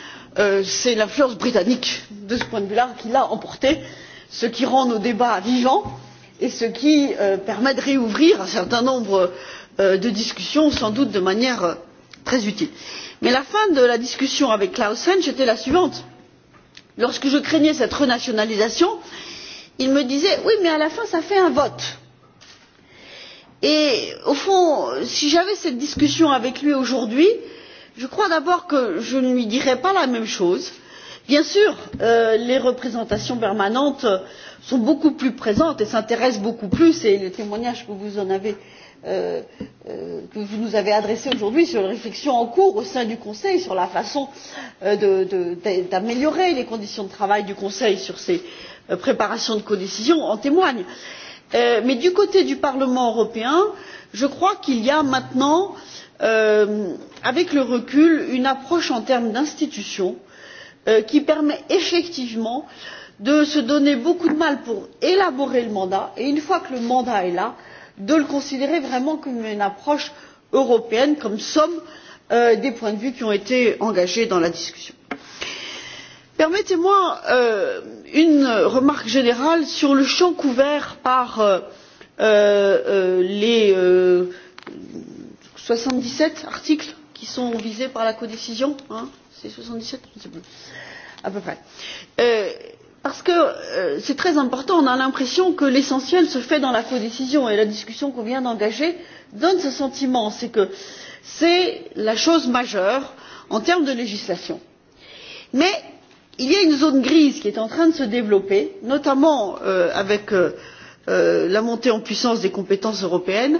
c'est l'influence britannique de ce point de vue là qui l'a emporté ce qui rend nos débats vivants et ce qui permet de rouvrir un certain nombre de discussions sans doute de manière très utile. mais la fin de la discussion avec klaus hensch était la suivante lorsque je craignais cette renationalisation il me disait oui mais à la fin ça fait un vote. et au fond si j'avais cette discussion avec lui aujourd'hui je crois d'abord que je ne lui dirai pas la même chose. bien sûr les représentations permanentes sont beaucoup plus présentes et s'intéressent beaucoup plus et les témoignages que vous nous avez adressés aujourd'hui sur les réflexions en cours au sein du conseil sur la façon d'améliorer les conditions de travail du conseil sur ces préparations de codécision en témoignent. mais du côté du parlement européen je crois qu'il y a maintenant une avec le recul une approche en termes d'institutions qui permet effectivement de se donner beaucoup de mal pour élaborer le mandat et une fois que le mandat est là de le considérer vraiment comme une approche européenne comme somme des points de vue qui ont été engagés dans la discussion. permettez moi une remarque générale sur le champ couvert par les soixante dix sept articles qui sont visés par la codécision hein c'est soixante sept je ne sais plus à peu près. parce que c'est très important on a l'impression que l'essentiel se fait dans la codécision et la discussion qu'on vient d'engager donne ce sentiment c'est que c'est la chose majeure en termes de législation. mais il y a une zone grise qui est en train de se développer notamment avec la montée en puissance des compétences européennes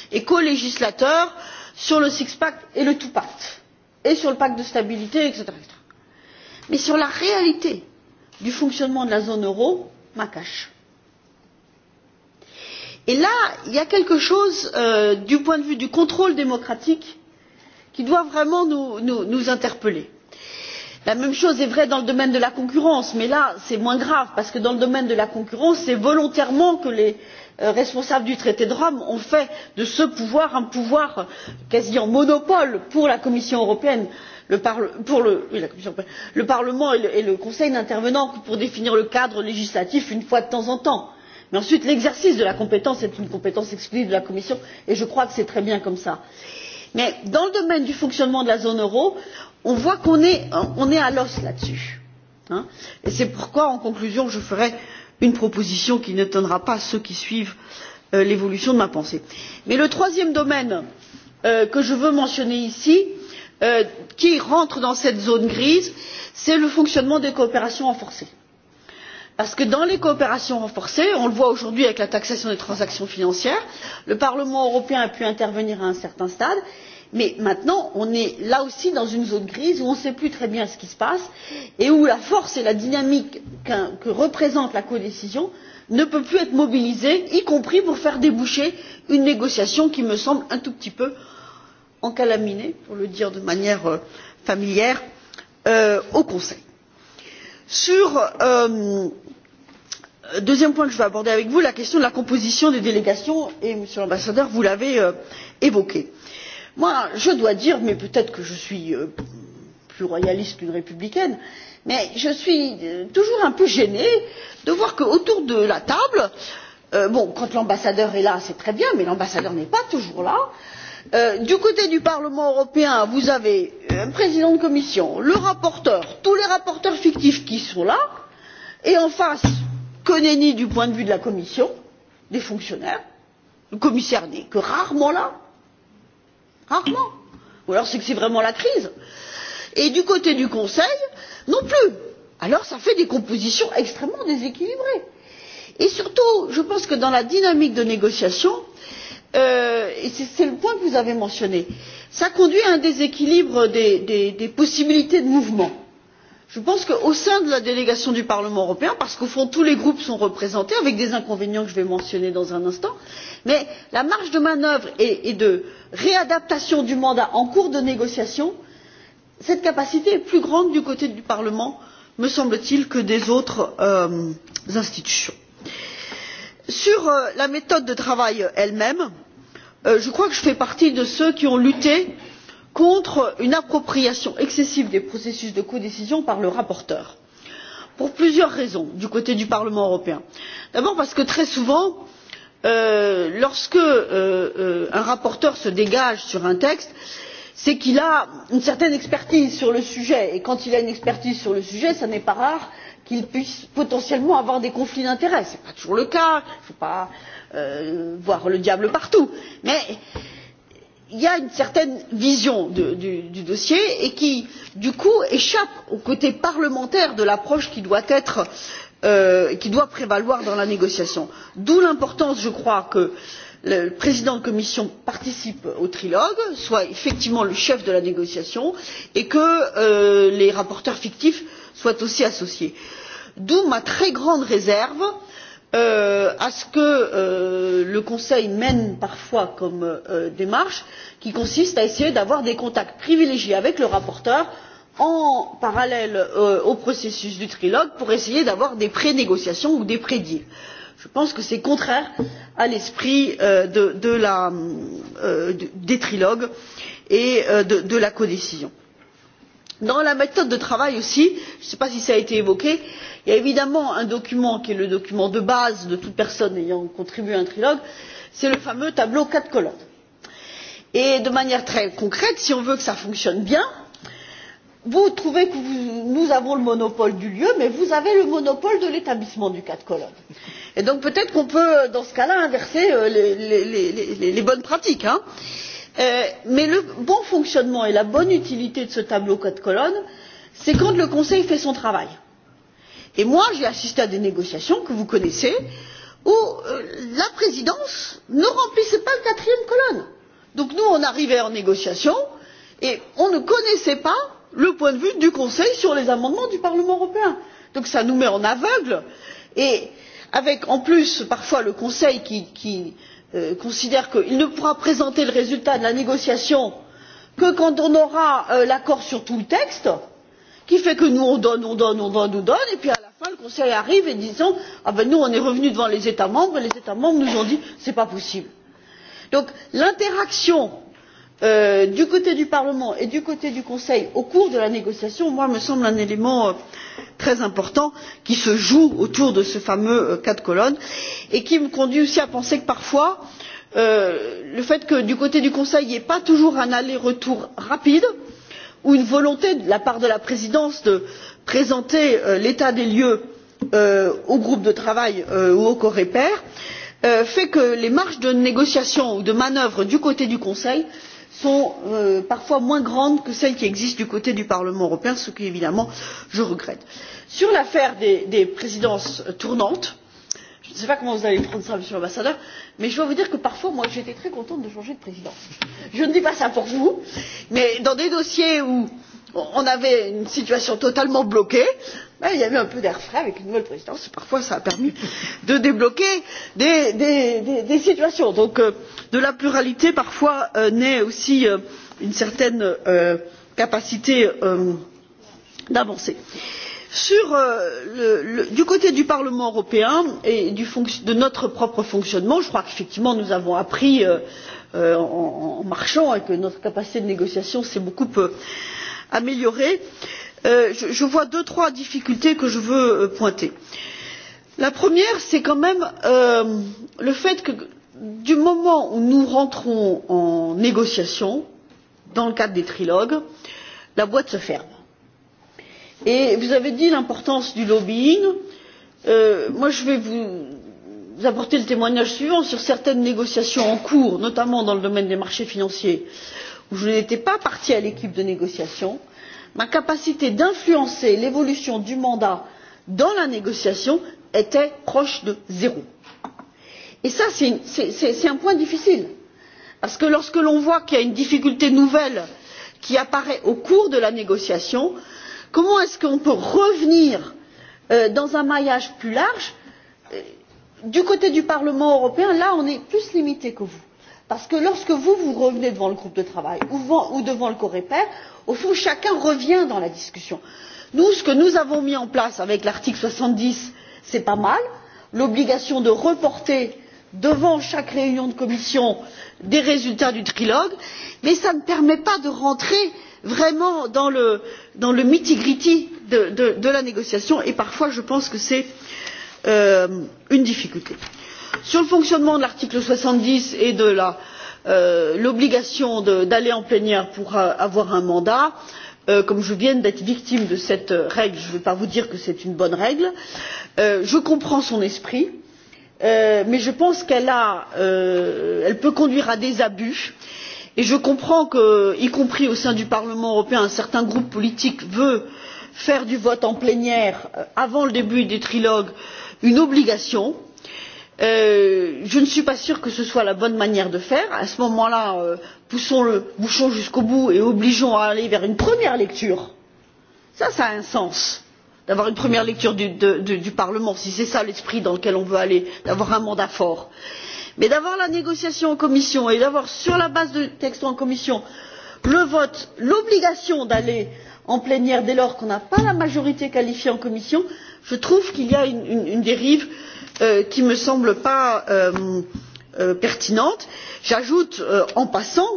et colégislateur sur le six pack et le two pack et sur le pacte de stabilité etc. mais sur la réalité du fonctionnement de la zone euro ma cache. et là il y a quelque chose du point de vue du contrôle démocratique qui doit vraiment nous interpeller. la même chose est vraie dans le domaine de la concurrence mais là c'est moins grave parce que dans le domaine de la concurrence c'est volontairement que les responsables du traité de rome ont fait de ce pouvoir un pouvoir quasi en monopole pour la commission européenne le parlement et le conseil n'intervenant que pour définir le cadre législatif une fois de temps en temps mais ensuite l'exercice de la compétence est une compétence exclusive de la commission et je crois que c'est très bien comme cela. mais dans le domaine du fonctionnement de la zone euro on voit qu'on est à l'os là dessus et c'est pourquoi en conclusion je ferai une proposition qui n'étonnera pas ceux qui suivent l'évolution de ma pensée. mais le troisième domaine que je veux mentionner ici qui entre dans cette zone grise c'est le fonctionnement des coopérations renforcées parce que dans les coopérations renforcées on le voit aujourd'hui avec la taxation des transactions financières le parlement européen a pu intervenir à un certain stade mais maintenant on est là aussi dans une zone grise où on ne sait plus très bien ce qui se passe et où la force et la dynamique que représente la codécision ne peuvent plus être mobilisées y compris pour faire déboucher une négociation qui me semble un tout petit peu encalaminée pour le dire de manière familière au conseil. deuxième point que je veux aborder avec vous la question de la composition des délégations et monsieur l'ambassadeur vous l'avez évoquée Moi, je dois dire, mais peut-être que je suis plus royaliste qu'une républicaine, mais je suis toujours un peu gênée de voir qu'autour de la table, bon, quand l'ambassadeur est là, c'est très bien, mais l'ambassadeur n'est pas toujours là. du côté du Parlement européen, vous avez un président de commission, le rapporteur, tous les rapporteurs fictifs qui sont là, et en face, Koneni du point de vue de la commission, des fonctionnaires. Le commissaire n'est que rarement là rarement ou alors c'est que c'est vraiment la crise et du côté du conseil non plus. alors cela fait des compositions extrêmement déséquilibrées. et surtout je pense que dans la dynamique de négociation et c'est le point que vous avez mentionné cela conduit à un déséquilibre des possibilités de mouvement je pense qu'au sein de la délégation du parlement européen parce qu'au fond tous les groupes sont représentés avec des inconvénients que je vais mentionner dans un instant la marge de manœuvre et de réadaptation du mandat en cours de négociation cette capacité est plus grande du côté du parlement me semble t il que des autres institutions. sur la méthode de travail elle même je crois que je fais partie de ceux qui ont lutté contre une appropriation excessive des processus de codécision par le rapporteur pour plusieurs raisons du côté du parlement européen. d'abord parce que très souvent lorsqu'un rapporteur se dégage sur un texte c'est qu'il a une certaine expertise sur le sujet et quand il a une expertise sur le sujet il n'est pas rare qu'il puisse potentiellement avoir des conflits d'intérêts. ce n'est pas toujours le cas il ne faut pas voir le diable partout mais il y a une certaine vision du dossier et qui du coup échappe au côté parlementaire de l'approche qui doit prévaloir dans la négociation d'où l'importance je crois que le président de la commission participe au trilogue soit effectivement le chef de la négociation et que les rapporteurs fictifs soient aussi associés d'où ma très grande réserve sur à ce que le conseil mène parfois comme démarche qui consiste à essayer d'avoir des contacts privilégiés avec le rapporteur en parallèle au processus du trilogue pour essayer d'avoir des prénégociations ou des prédeals. je pense que c'est contraire à l'esprit des trilogues et de la codécision. dans la méthode de travail aussi je ne sais pas si cela a été évoqué il il y a évidemment un document qui est le document de base de toute personne ayant contribué à un trilogue c'est le fameux tableau quatre colonnes. et de manière très concrète si on veut que cela fonctionne bien vous trouvez que nous avons le monopole du lieu mais vous avez le monopole de l'établissement du quatre colonnes. et donc peut être qu'on peut dans ce cas là inverser les bonnes pratiques. mais le bon fonctionnement et la bonne utilité de ce tableau quatre colonnes c'est quand le conseil fait son travail et moi j'ai assisté à des négociations que vous connaissez où la présidence ne remplissait pas la quatrième colonne. donc nous on arrivait en négociation et on ne connaissait pas le point de vue du conseil sur les amendements du parlement européen. donc cela nous met en aveugle et avec en plus parfois le conseil qui considère qu'il ne pourra présenter le résultat de la négociation que quand on aura l'accord sur tout le texte qui fait que nous on donne on donne on donne on donne et puis à la fin le conseil arrive et dit ah ben nous on est revenus devant les états membres et les états membres nous ont dit ce n'est pas possible. donc l'interaction du côté du parlement et du côté du conseil au cours de la négociation moi, me semble un élément très important qui se joue autour de ce fameux quatre colonnes et qui me conduit aussi à penser que parfois le fait que du côté du conseil il n'y ait pas toujours un aller retour rapide ou une volonté de la part de la présidence de présenter l'état des lieux au groupe de travail ou au coreper fait que les marges de négociation ou de manœuvre du côté du conseil sont parfois moins grandes que celles qui existent du côté du parlement européen ce que je regrette évidemment. sur l'affaire des présidences tournantes je ne sais pas comment vous allez prendre ça, monsieur l'ambassadeur mais je dois vous dire que parfois moi, j'étais très contente de changer de présidence. je ne dis pas cela pour vous mais dans des dossiers où on avait une situation totalement bloquée il y avait un peu d'air frais avec une nouvelle présidence parfois cela a permis de débloquer des situations. donc de la pluralité parfois naît aussi une certaine capacité d'avancer du côté du parlement européen et de notre propre fonctionnement je crois qu'effectivement nous avons appris en marchant et que notre capacité de négociation s'est beaucoup améliorée. je vois deux trois difficultés que je veux pointer. la première c'est quand même le fait que du moment où nous rentrons en négociation dans le cadre des trilogues la boîte se ferme Et vous avez dit l'importance du lobbying. moi, je vais vous apporter le témoignage suivant sur certaines négociations en cours, notamment dans le domaine des marchés financiers, où je n'étais pas partie à l'équipe de négociation. Ma capacité d'influencer l'évolution du mandat dans la négociation était proche de zéro. Et ça, c'est un point difficile. Parce que lorsque l'on voit qu'il y a une difficulté nouvelle qui apparaît au cours de la négociation, comment est ce qu'on peut revenir dans un maillage plus large? du côté du parlement européen là on est plus limité que vous parce que lorsque vous vous revenez devant le groupe de travail ou devant le coreper au fond chacun revient dans la discussion. nous ce que nous avons mis en place avec l'article soixante dix c'est pas mal l'obligation de reporter devant chaque réunion de commission des résultats du trilogue mais cela ne permet pas de rentrer dans vraiment dans le nitty gritty de la négociation et parfois je pense que c'est une difficulté. sur le fonctionnement de l'article soixante dix et de l'obligation d'aller en plénière pour avoir un mandat comme je viens d'être victime de cette règle je ne vais pas vous dire que c'est une bonne règle je comprends son esprit mais je pense qu'elle peut conduire à des abus et et je comprends que, y compris au sein du parlement européen un certain groupe politique veuille faire du vote en plénière avant le début des trilogues une obligation je ne suis pas sûre que ce soit la bonne manière de faire. à ce moment là poussons le bouchon jusqu'au bout et obligeons à aller vers une première lecture. cela a un sens d'avoir une première lecture du parlement si c'est cela l'esprit dans lequel on veut aller d'avoir un mandat fort. mais mais d'avoir la négociation en commission et d'avoir sur la base du texte en commission le vote l'obligation d'aller en plénière dès lors qu'on n'a pas la majorité qualifiée en commission je trouve qu'il y a une dérive qui ne me semble pas pertinente. j'ajoute en passant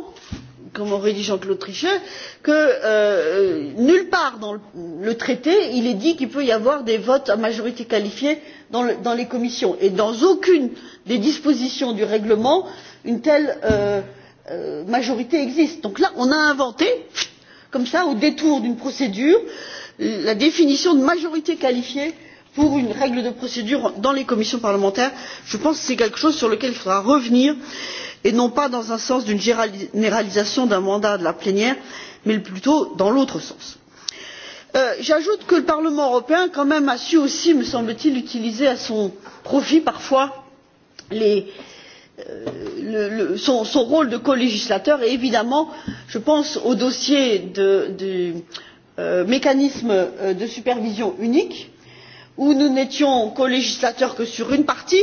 comme aurait dit jean claude trichet que nulle part dans le traité il est dit qu'il peut y avoir des votes à majorité qualifiée dans les commissions et dans aucune des dispositions du règlement une telle majorité n'existe. donc là on a inventé comme cela au détour d'une procédure la définition de majorité qualifiée pour une règle de procédure dans les commissions parlementaires. je pense que c'est quelque chose sur lequel il faudra revenir et et non pas dans un sens d'une généralisation d'un mandat de la plénière mais plutôt dans l'autre sens. j'ajoute que le parlement européen quand même a su aussi me semble t il utiliser à son profit parfois son rôle de colégislateur et évidemment je pense au dossier du mécanisme de supervision unique où nous n'étions colégislateurs que sur une partie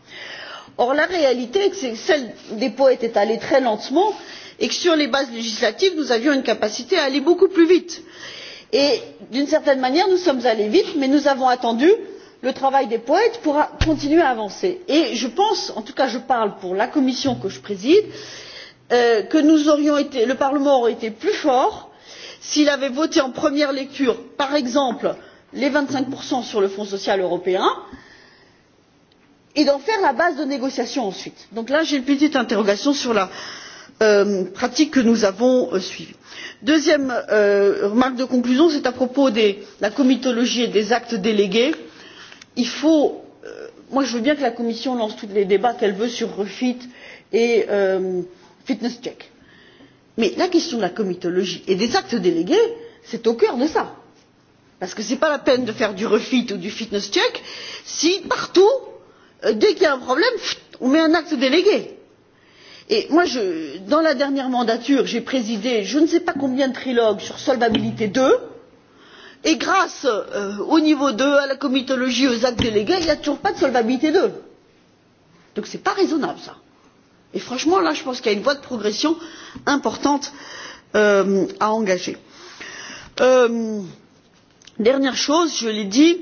or la réalité c'est que celle des poètes est allée très lentement et que sur les bases législatives nous avions une capacité à aller beaucoup plus vite. d'une certaine manière nous sommes allés vite mais nous avons attendu le travail des poètes pour continuer à avancer. je pense en tout cas je parle pour la commission que je préside que le parlement aurait été plus fort s'il avait voté en première lecture par exemple les vingt cinq sur le fonds social européen et d'en faire la base de négociation ensuite. donc là j'ai une petite interrogation sur la pratique que nous avons suivie. deuxième remarque de conclusion c'est à propos de la comitologie et des actes délégués. je veux bien que la commission lance tous les débats qu'elle veut sur refit et fitness check mais la question de la comitologie et des actes délégués c'est au cœur de cela parce que ce n'est pas la peine de faire du refit ou du fitness check si partout dès qu'il y a un problème on met un acte délégué. dans la dernière mandature j'ai présidé je ne sais pas combien de trilogues sur solvabilité ii et grâce au niveau deux, à la comitologie aux actes délégués il n'y a toujours pas de solvabilité ii. donc ce n'est pas raisonnable ça. et franchement là je pense qu'il y a une voie de progression importante à engager. dernière chose je l'ai dit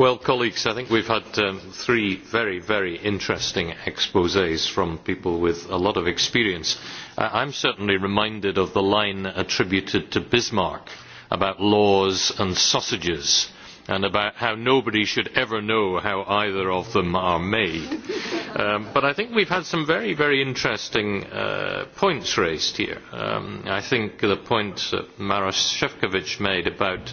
Well, colleagues, I think we've had um, three very, very interesting exposs from people with a lot of experience. I I'm certainly reminded of the line attributed to Bismarck about laws and sausages and about how nobody should ever know how either of them are made. but I think we have had some very, very interesting points raised here. I think the point that Maros Shevkovich made about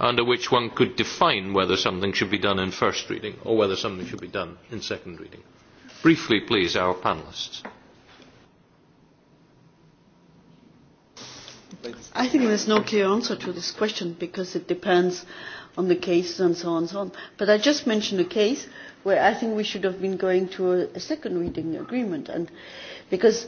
under which one could define whether something should be done in first reading or whether something should be done in second reading. Briefly, please, our panellists. I think there's no clear answer to this question because it depends on the cases and so on and so on. But I just mentioned a case where I think we should have been going to a, a second reading agreement, and because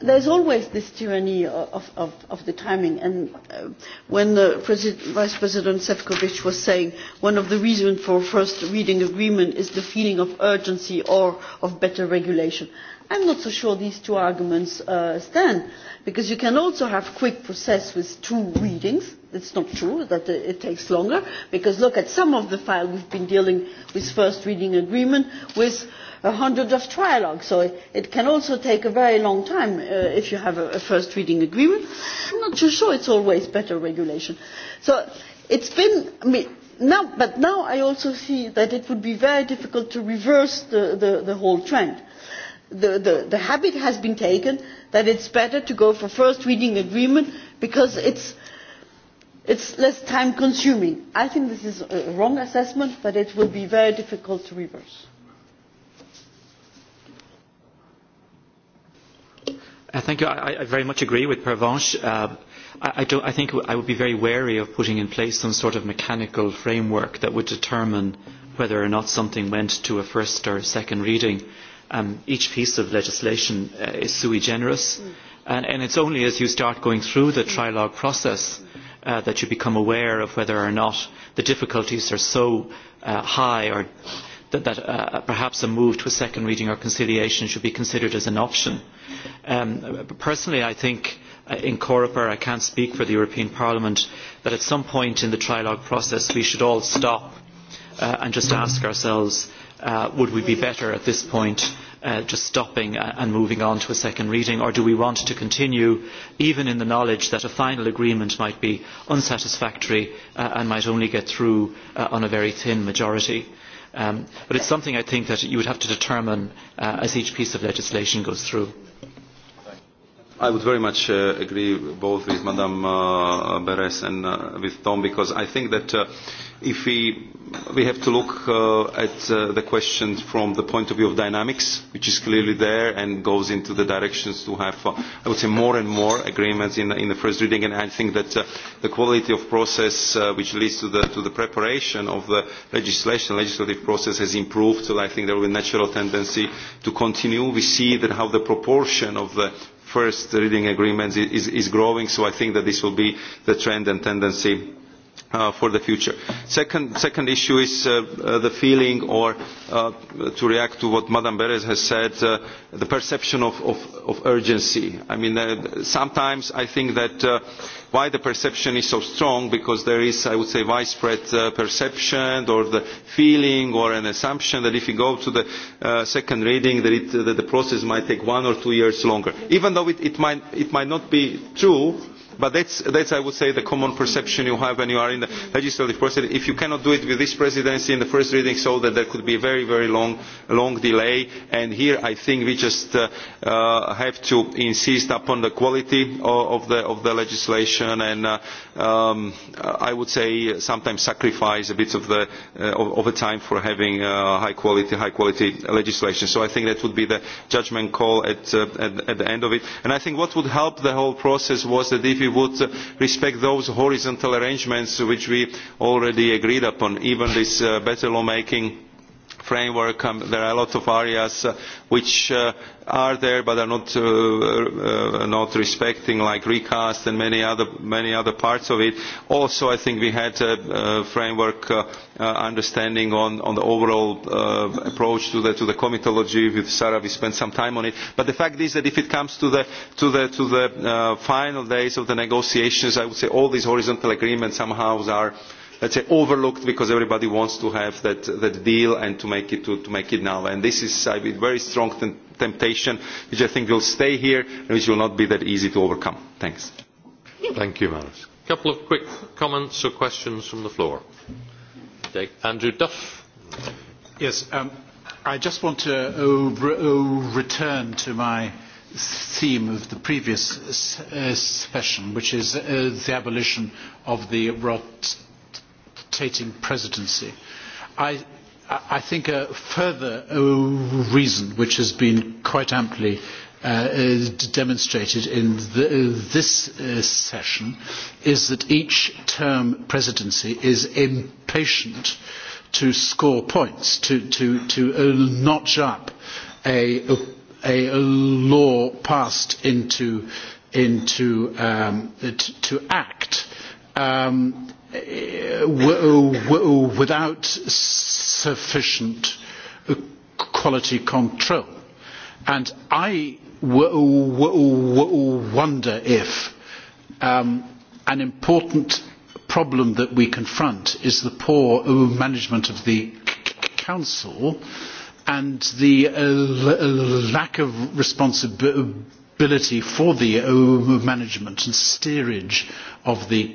there's always this tyranny of, of, of the timing. And uh, when uh, President, Vice President Sefcovic was saying one of the reasons for first reading agreement is the feeling of urgency or of better regulation, I'm not so sure these two arguments uh, stand, because you can also have quick process with two readings. It's not true that it takes longer, because look at some of the files we've been dealing with first reading agreement with hundreds of trialogues so it can also take a very long time if you have a first reading agreement. i am not so sure it is always better regulation. so it's been but now i also see that it would be very difficult to reverse the whole trend. the habit has been taken that it is better to go for first reading agreement because it is less time consuming. i think this is a wrong assessment but it will be very difficult to reverse. Thank you. I, I very much agree with Pervenche. Uh, I, I, don't, I think I would be very wary of putting in place some sort of mechanical framework that would determine whether or not something went to a first or second reading. Um, each piece of legislation uh, is sui generis, and, and it's only as you start going through the trilogue process uh, that you become aware of whether or not the difficulties are so uh, high or that, perhaps a move to a second reading or conciliation should be considered as an option. Um, personally, I think in Coreper, I can't speak for the European Parliament, that at some point in the trilogue process we should all stop uh, and just ask ourselves, uh, would we be better at this point just stopping and moving on to a second reading, or do we want to continue, even in the knowledge that a final agreement might be unsatisfactory and might only get through on a very thin majority? but it is something I think that you would have to determine as each piece of legislation goes through. I would very much uh, agree both with Madame uh, Beres and uh, with Tom because I think that uh, if we, we have to look uh, at uh, the question from the point of view of dynamics, which is clearly there and goes into the directions to have, uh, I would say, more and more agreements in, in the first reading. And I think that uh, the quality of process uh, which leads to the, to the preparation of the legislation, legislative process has improved. So I think there will be a natural tendency to continue. We see that how the proportion of the first reading agreements is, is growing, so I think that this will be the trend and tendency uh, for the future. Second, second issue is uh, uh, the feeling or uh, to react to what Madame Beres has said, uh, the perception of, of, of urgency. I mean, uh, sometimes I think that uh, why the perception is so strong because there is, I would say, widespread uh, perception or the feeling or an assumption that if you go to the uh, second reading that, it, that the process might take one or two years longer. Even though it, it, might, it might not be true, But that is, I would say, the common perception you have when you are in the legislative process. If you cannot do it with this presidency in the first reading, so that there could be a very, very long, long delay. And here I think we just uh, have to insist upon the quality of, of, the, of the legislation and uh, um, I would say sometimes sacrifice a bit of the uh, of, of time for having uh, high quality high quality legislation. So I think that would be the judgment call at, uh, at at the end of it. And I think what would help the whole process was that if we would respect those horizontal arrangements which we already agreed upon, even this uh, better lawmaking framework. there are a lot of areas which are there but are not, uh, not respecting, like recast and many other, many other parts of it. Also, I think we had a, framework understanding on, on the overall approach to the, to the comitology with Sarah. We spent some time on it. But the fact is that if it comes to the, to the, to the final days of the negotiations, I would say all these horizontal agreements somehow are let us say overlooked because everybody wants to have that, that deal and to make it to, to make it now and this is a very strong t- temptation which I think will stay here and which will not be that easy to overcome thanks thank you Manus a couple of quick comments or questions from the floor Andrew Duff yes um, I just want to uh, return to my theme of the previous session, which is the abolition of the rotating presidency. I, I think a further reason, which has been quite amply demonstrated in this session, is that each term presidency is impatient to score points, to, to, to notch up a, a law passed into, into um, to act. Um, without sufficient quality control. And I wonder if an important problem that we confront is the poor management of the council and the lack of responsibility for the management and steerage of the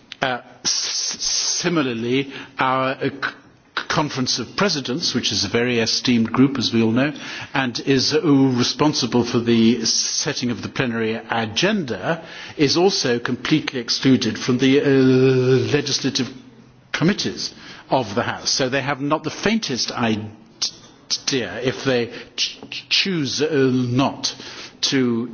similarly, our Conference of Presidents, which is a very esteemed group, as we all know, and is responsible for the setting of the plenary agenda, is also completely excluded from the legislative committees of the House. So they have not the faintest idea if they choose not to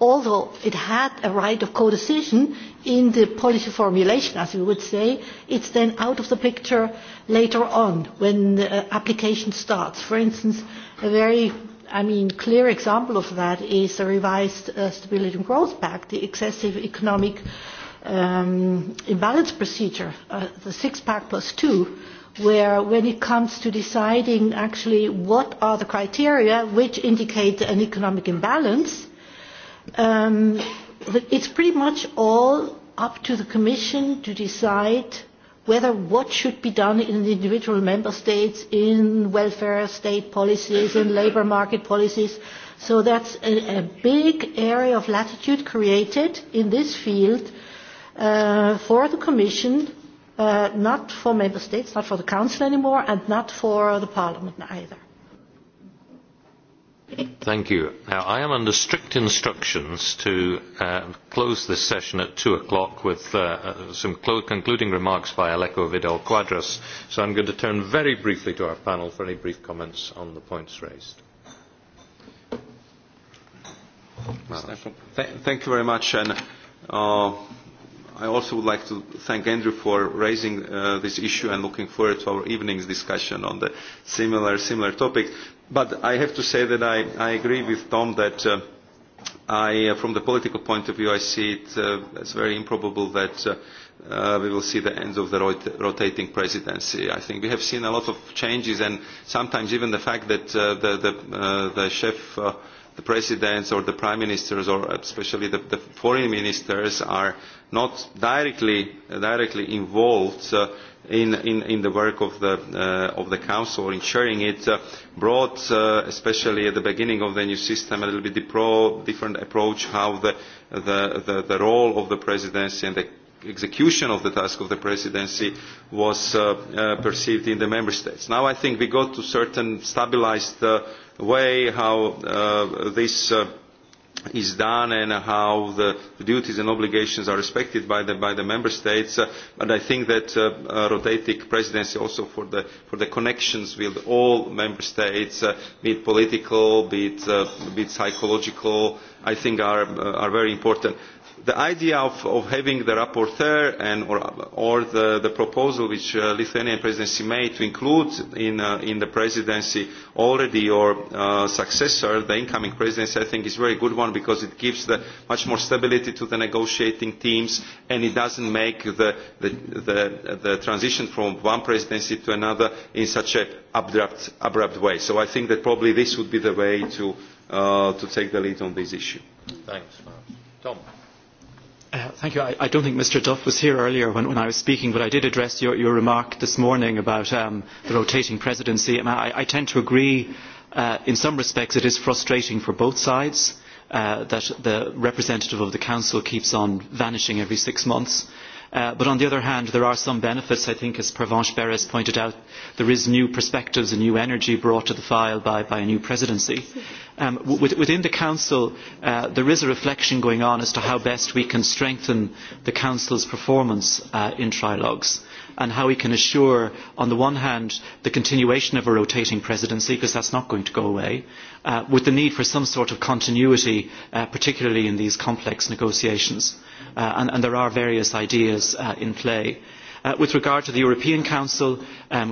although it had a right of co-decision in the policy formulation, as we would say, it's then out of the picture later on when the application starts. For instance, a very I mean, clear example of that is the revised uh, Stability and Growth Pact, the excessive economic um, imbalance procedure, uh, the six pack plus two, where when it comes to deciding actually what are the criteria which indicate an economic imbalance, Um, it's pretty much all up to the Commission to decide whether what should be done in the individual member states in welfare state policies, and labour market policies. So that's a, a big area of latitude created in this field uh, for the Commission, uh, not for member states, not for the Council anymore, and not for the Parliament either. Thank you. Now, I am under strict instructions to uh, close this session at two o'clock with uh, some clo- concluding remarks by Aleko Vidal Quadras, so I'm going to turn very briefly to our panel for any brief comments on the points raised. Thank you very much. And, uh, I also would like to thank Andrew for raising uh, this issue and looking forward to our evening's discussion on the similar, similar topic. But I have to say that I, I agree with Tom that uh, I, uh, from the political point of view, I see it uh, as very improbable that uh, uh, we will see the end of the rot- rotating presidency. I think we have seen a lot of changes and sometimes even the fact that uh, the, the, uh, the chef uh, the presidents or the prime ministers or especially the, the foreign ministers are not directly, directly involved uh, in, in, in the work of the, uh, of the council or in sharing it uh, brought, uh, especially at the beginning of the new system, a little bit different approach how the, the, the, the role of the presidency and the execution of the task of the presidency was uh, uh, perceived in the member states. Now I think we got to certain stabilized uh, way how uh, this uh, is done and how the duties and obligations are respected by the, by the member states. Uh, but I think that uh, rotating presidency also for the, for the connections with all member states, uh, be it political, be it, uh, be it psychological, I think are, uh, are very important the idea of, having the rapporteur and or, or the, the proposal which the Lithuanian presidency made to include in, uh, in the presidency already your successor, the incoming presidency, I think is a very good one because it gives much more stability to the negotiating teams and it does not make the, the, the, transition from one presidency to another in such an abrupt, way. So I think that probably this would be the way to, to take the lead on this issue. Thanks. Tom. Thank you. I, do don't think Mr. Duff was here earlier when, when I was speaking, but I did address your, your remark this morning about um, the rotating presidency. And I, I tend to agree, uh, in some respects, it is frustrating for both sides uh, that the representative of the Council keeps on vanishing every six months but on the other hand, there are some benefits, I think, as Pervenche Beres pointed out. There is new perspectives and new energy brought to the file by, by a new presidency. within the Council, there is a reflection going on as to how best we can strengthen the Council's performance in trilogues and how we can assure, on the one hand, the continuation of a rotating presidency, because that is not going to go away, with the need for some sort of continuity, particularly in these complex negotiations and, there are various ideas in play. with regard to the European Council,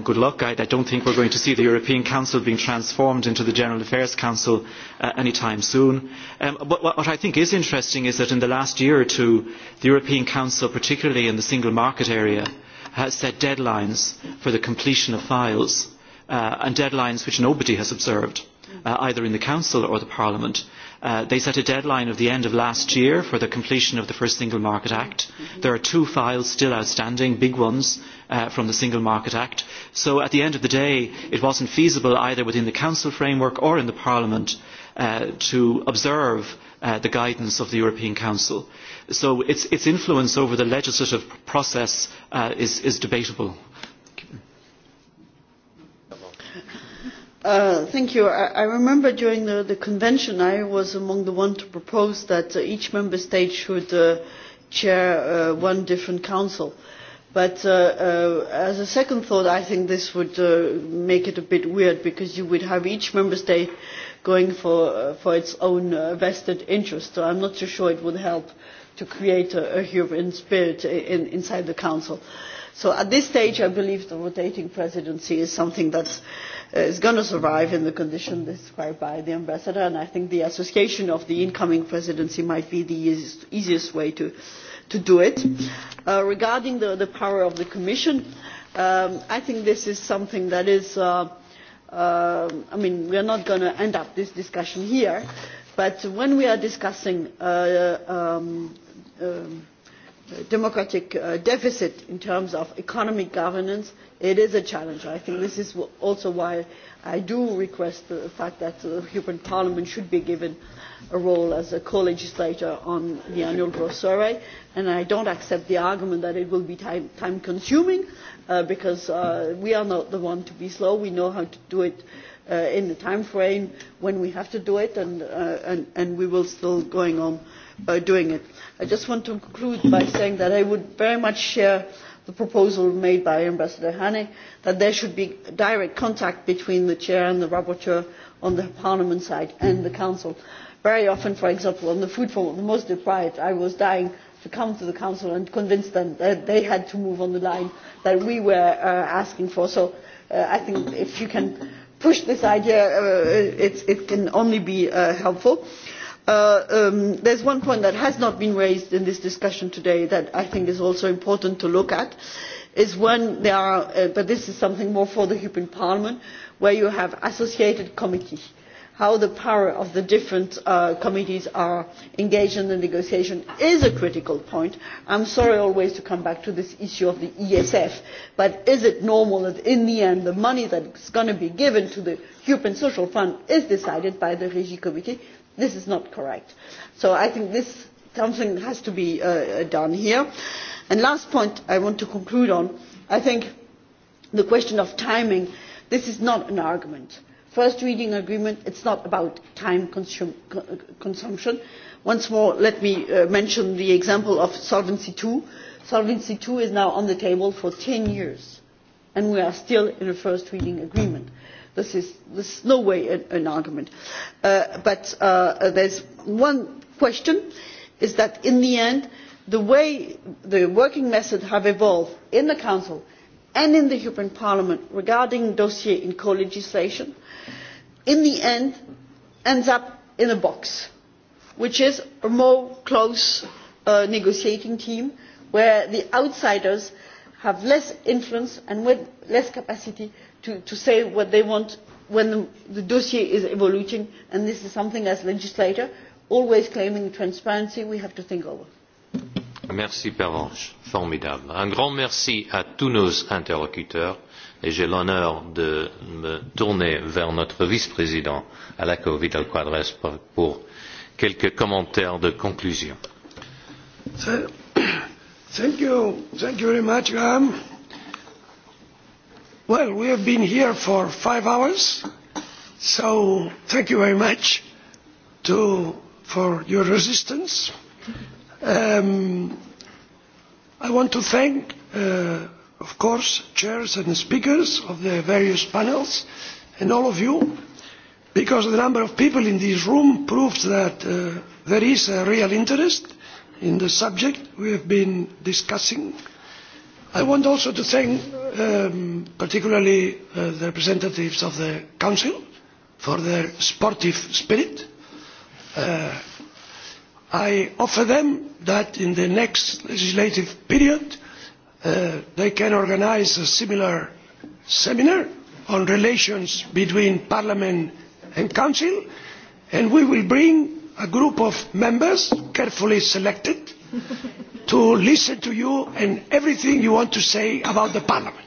good luck. I, I don't think we are going to see the European Council being transformed into the General Affairs Council any time soon. but what I think is interesting is that in the last year or two, the European Council, particularly in the single market area, has set deadlines for the completion of files and deadlines which nobody has observed, either in the Council or the Parliament they set a deadline of the end of last year for the completion of the first Single Market Act. There are two files still outstanding, big ones, from the Single Market Act. So at the end of the day, it was not feasible either within the Council framework or in Parliament to observe the guidance of the European Council. So its, influence over the legislative process is, debatable. Thank you. I remember during the, the convention, I was among the ones to propose that uh, each member state should uh, chair uh, one different council. But uh, uh, as a second thought, I think this would uh, make it a bit weird because you would have each member state going for, uh, for its own uh, vested interest. So I'm not too sure it would help to create a, a human spirit in, inside the council. Uh, So at this stage, I believe the rotating presidency is something that uh, is going to survive in the condition described by the ambassador, and I think the association of the incoming presidency might be the easiest, easiest way to, to do it. Uh, regarding the, the power of the Commission, um, I think this is something that is, uh, uh, I mean, we are not going to end up this discussion here, but when we are discussing uh, um, um, democratic deficit in terms of economic governance it is a challenge. i think this is also why i do request the fact that the european parliament should be given a role as a co legislator on the annual growth survey and i do not accept the argument that it will be time consuming because we are not the ones to be slow we know how to do it in the time frame when we have to do it and we will still go on doing it I just want to conclude by saying that I would very much share the proposal made by Ambassador Hane that there should be direct contact between the chair and the rapporteur on the parliament side and the council. Very often, for example, on the food for the most deprived, I was dying to come to the council and convince them that they had to move on the line that we were uh, asking for. So uh, I think if you can push this idea, uh, it, it can only be uh, helpful. Uh, there is one point that has not been raised in this discussion today that i think is also important to look at but this is something more for the european parliament where you have associated committees how the power of the different uh, committees are engaged in the negotiation is a critical point. I am sorry always to come back to this issue of the ESF, but is it normal that in the end the money that is going to be given to the European Social Fund is decided by the Regi Committee? This is not correct. So I think this something has to be uh, done here. And last point I want to conclude on, I think the question of timing, this is not an argument first reading agreement it is not about time consumption. once more let me mention the example of solvency ii. solvency ii is now on the table for ten years and we are still in a first reading agreement. this is this is no way an argument. but there is one question is that in the end the way the working methods have evolved in the council and in the European Parliament regarding dossier in co-legislation, in the end ends up in a box, which is a more close negotiating team where the outsiders have less influence and with less capacity to, say what they want when the, dossier is evolving, and this is something as legislators always claiming transparency, we have to think over. Merci Pervenche, formidable. Un grand merci à tous nos interlocuteurs et j'ai l'honneur de me tourner vers notre vice-président Alaco Vidal Quadras pour quelques commentaires de conclusion. Thank you. Thank you very much, Graham. Well, we have been here for five hours, so thank you very much to, for your resistance i want to thank of course chairs and speakers of the various panels and all of you because the number of people in this room proves that there is a real interest in the subject we have been discussing. i want also to thank particularly the representatives of the council for their sportive spirit i offer them that in the next legislative period they can organise a similar seminar on relations between parliament and council and we will bring a group of members carefully selected to listen to you and everything you want to say about parliament.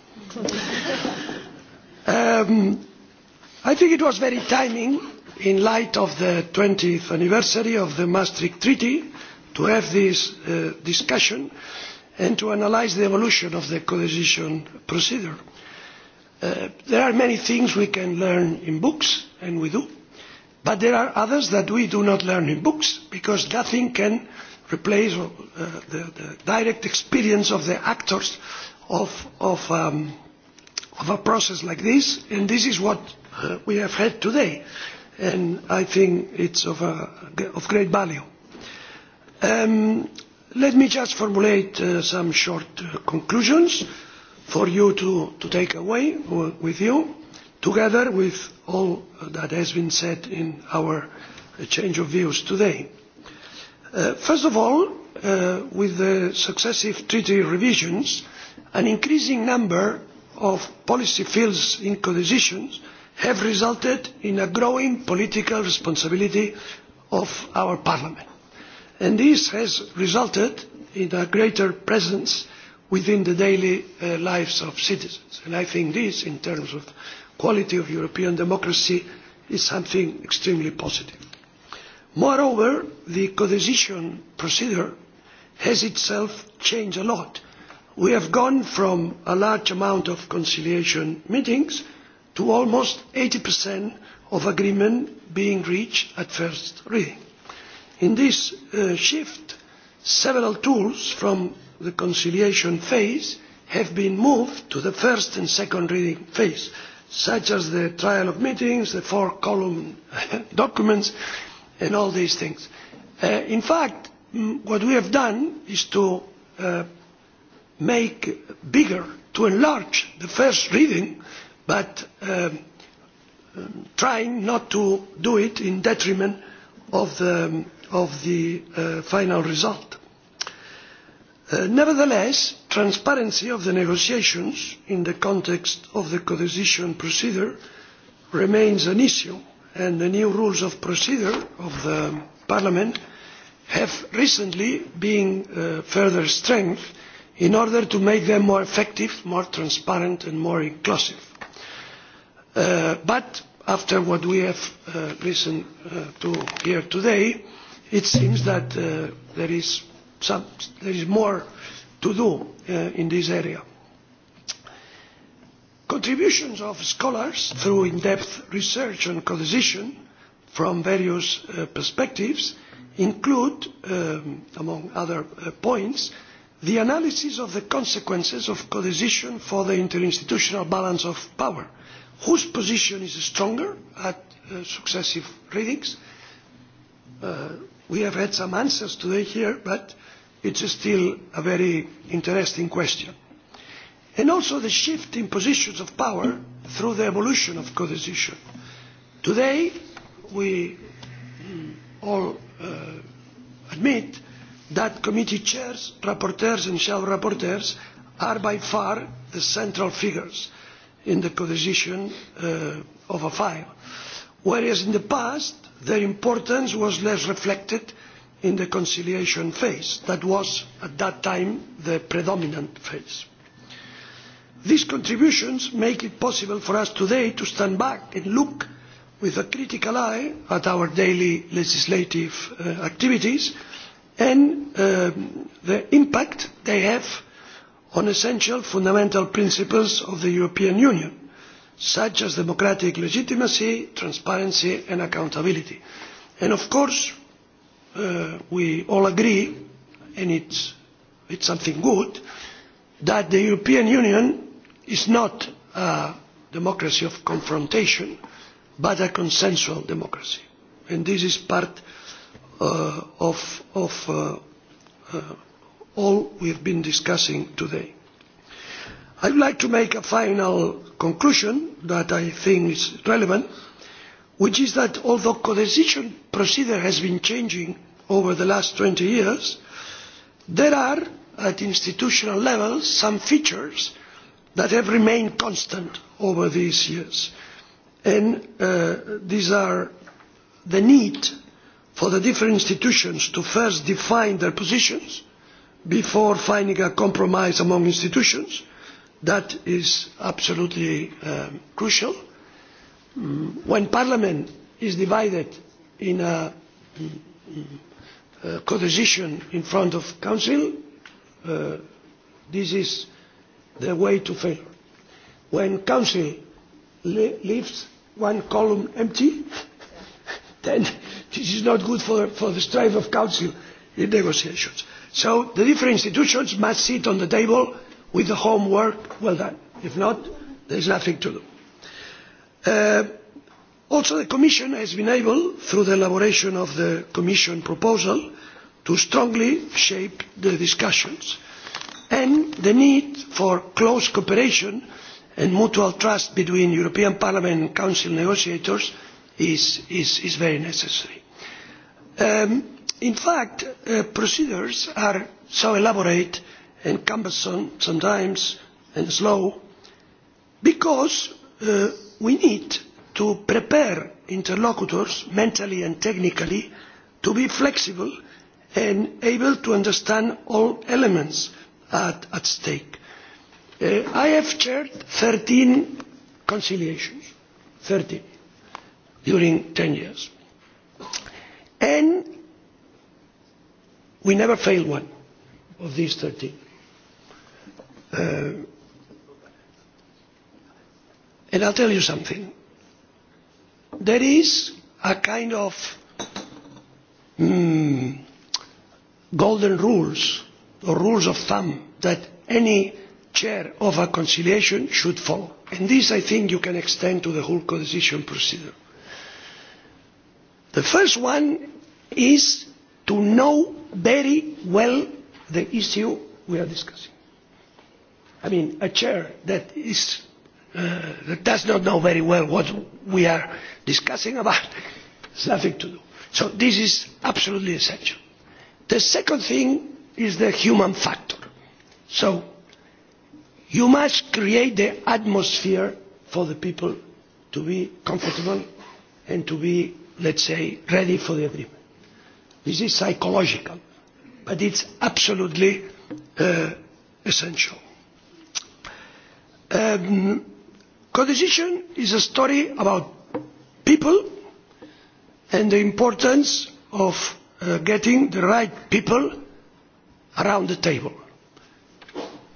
i think it was very timely in light of the twentieth anniversary of the maastricht treaty to have this discussion and to analyse the evolution of the codecision procedure. there are many things we can learn in books and we do but there are others that we do not learn in books because nothing can replace the direct experience of the actors of a process like this and this is what we have had today and I think it of, of great value. let me just formulate some short conclusions for you to, to take away with you, together with all that has been said in our change of views today. first of all, with the successive treaty revisions, an increasing number of policy fields in codecisions have resulted in a growing political responsibility of our parliament and this has resulted in a greater presence within the daily lives of citizens and i think this in terms of quality of european democracy is something extremely positive. moreover the codecision procedure has itself changed a lot. we have gone from a large amount of conciliation meetings to almost 80% of agreement being reached at first reading. In this shift, several tools from the conciliation phase have been moved to the first and second reading phase, such as the trial of meetings, the four column documents, and all these things. in fact, what we have done is to make bigger, to enlarge the first reading but trying not to do it in detriment of the final result. nevertheless transparency of the negotiations in the context of the codecision procedure remains an issue and the new rules of procedure of parliament have recently been further strengthened in order to make them more effective more transparent and more inclusive but after what we have listened to here today it seems that there is more to do in this area. contributions of scholars through in depth research and codecision from various perspectives include among other points the analysis of the consequences of codecision for the interinstitutional balance of power whose position is stronger at uh, successive readings. Uh, we have had some answers today here, but it's still a very interesting question. And also the shift in positions of power through the evolution of codecision. Today, we all uh, admit that committee chairs, rapporteurs and shadow rapporteurs are by far the central figures in the codecision of a file whereas in the past their importance was less reflected in the conciliation phase that was at that time the predominant phase. these contributions make it possible for us today to stand back and look with a critical eye at our daily legislative activities and the impact they have on essential fundamental principles of the european union such as democratic legitimacy transparency and accountability. and of course we all agree and it is something good that the european union is not a democracy of confrontation but a consensual democracy and this is part of all we have been discussing today. i would like to make a final conclusion that i think is relevant which is that although the codecision procedure has been changing over the last twenty years there are at institutional level some features that have remained constant over these years and these are the need for the different institutions to first define their positions before finding a compromise among institutions. That is absolutely crucial. When Parliament is divided in a co-decision in front of Council, this is the way to fail. When Council leaves one column empty, then this is not good for, for the strife of Council in negotiations so the different institutions must sit on the table with the homework well done. if not there is nothing to do. also the commission has been able through the elaboration of the commission proposal to strongly shape the discussions and the need for close cooperation and mutual trust between the european parliament and council negotiators is very necessary in fact procedures are so elaborate and cumbersome sometimes and slow because we need to prepare interlocutors mentally and technically to be flexible and able to understand all elements at stake. i have chaired thirteen conciliations thirteen during ten years We never fail one of these 13. Uh, and I'll tell you something. There is a kind of mm, golden rules or rules of thumb that any chair of a conciliation should follow. And this, I think, you can extend to the whole codecision procedure. The first one is to know very well the issue we are discussing. I mean, a chair that, is, uh, that does not know very well what we are discussing about has nothing to do. So this is absolutely essential. The second thing is the human factor. So you must create the atmosphere for the people to be comfortable and to be, let's say, ready for the agreement This is psychological, but it's absolutely uh, essential. Um, co-decision is a story about people and the importance of uh, getting the right people around the table.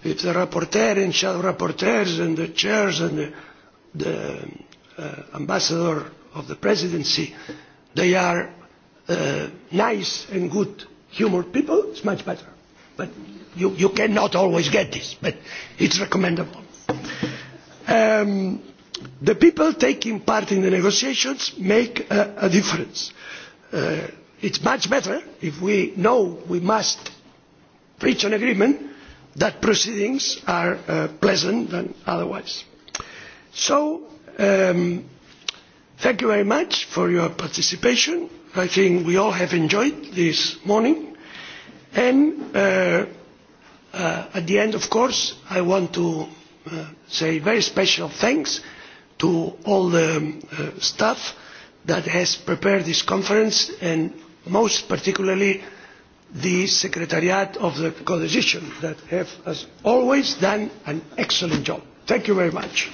If the rapporteur and shadow rapporteurs and the chairs and the, the uh, ambassador of the presidency, they are uh, nice and good humoured people, it's much better. But you, you cannot always get this, but it's recommendable. Um, the people taking part in the negotiations make a, a difference. Uh, it's much better if we know we must reach an agreement that proceedings are uh, pleasant than otherwise. So, um, thank you very much for your participation I think we all have enjoyed this morning. And uh, uh, at the end, of course, I want to uh, say very special thanks to all the uh, staff that has prepared this conference and most particularly the Secretariat of the Codecision that have, as always, done an excellent job. Thank you very much.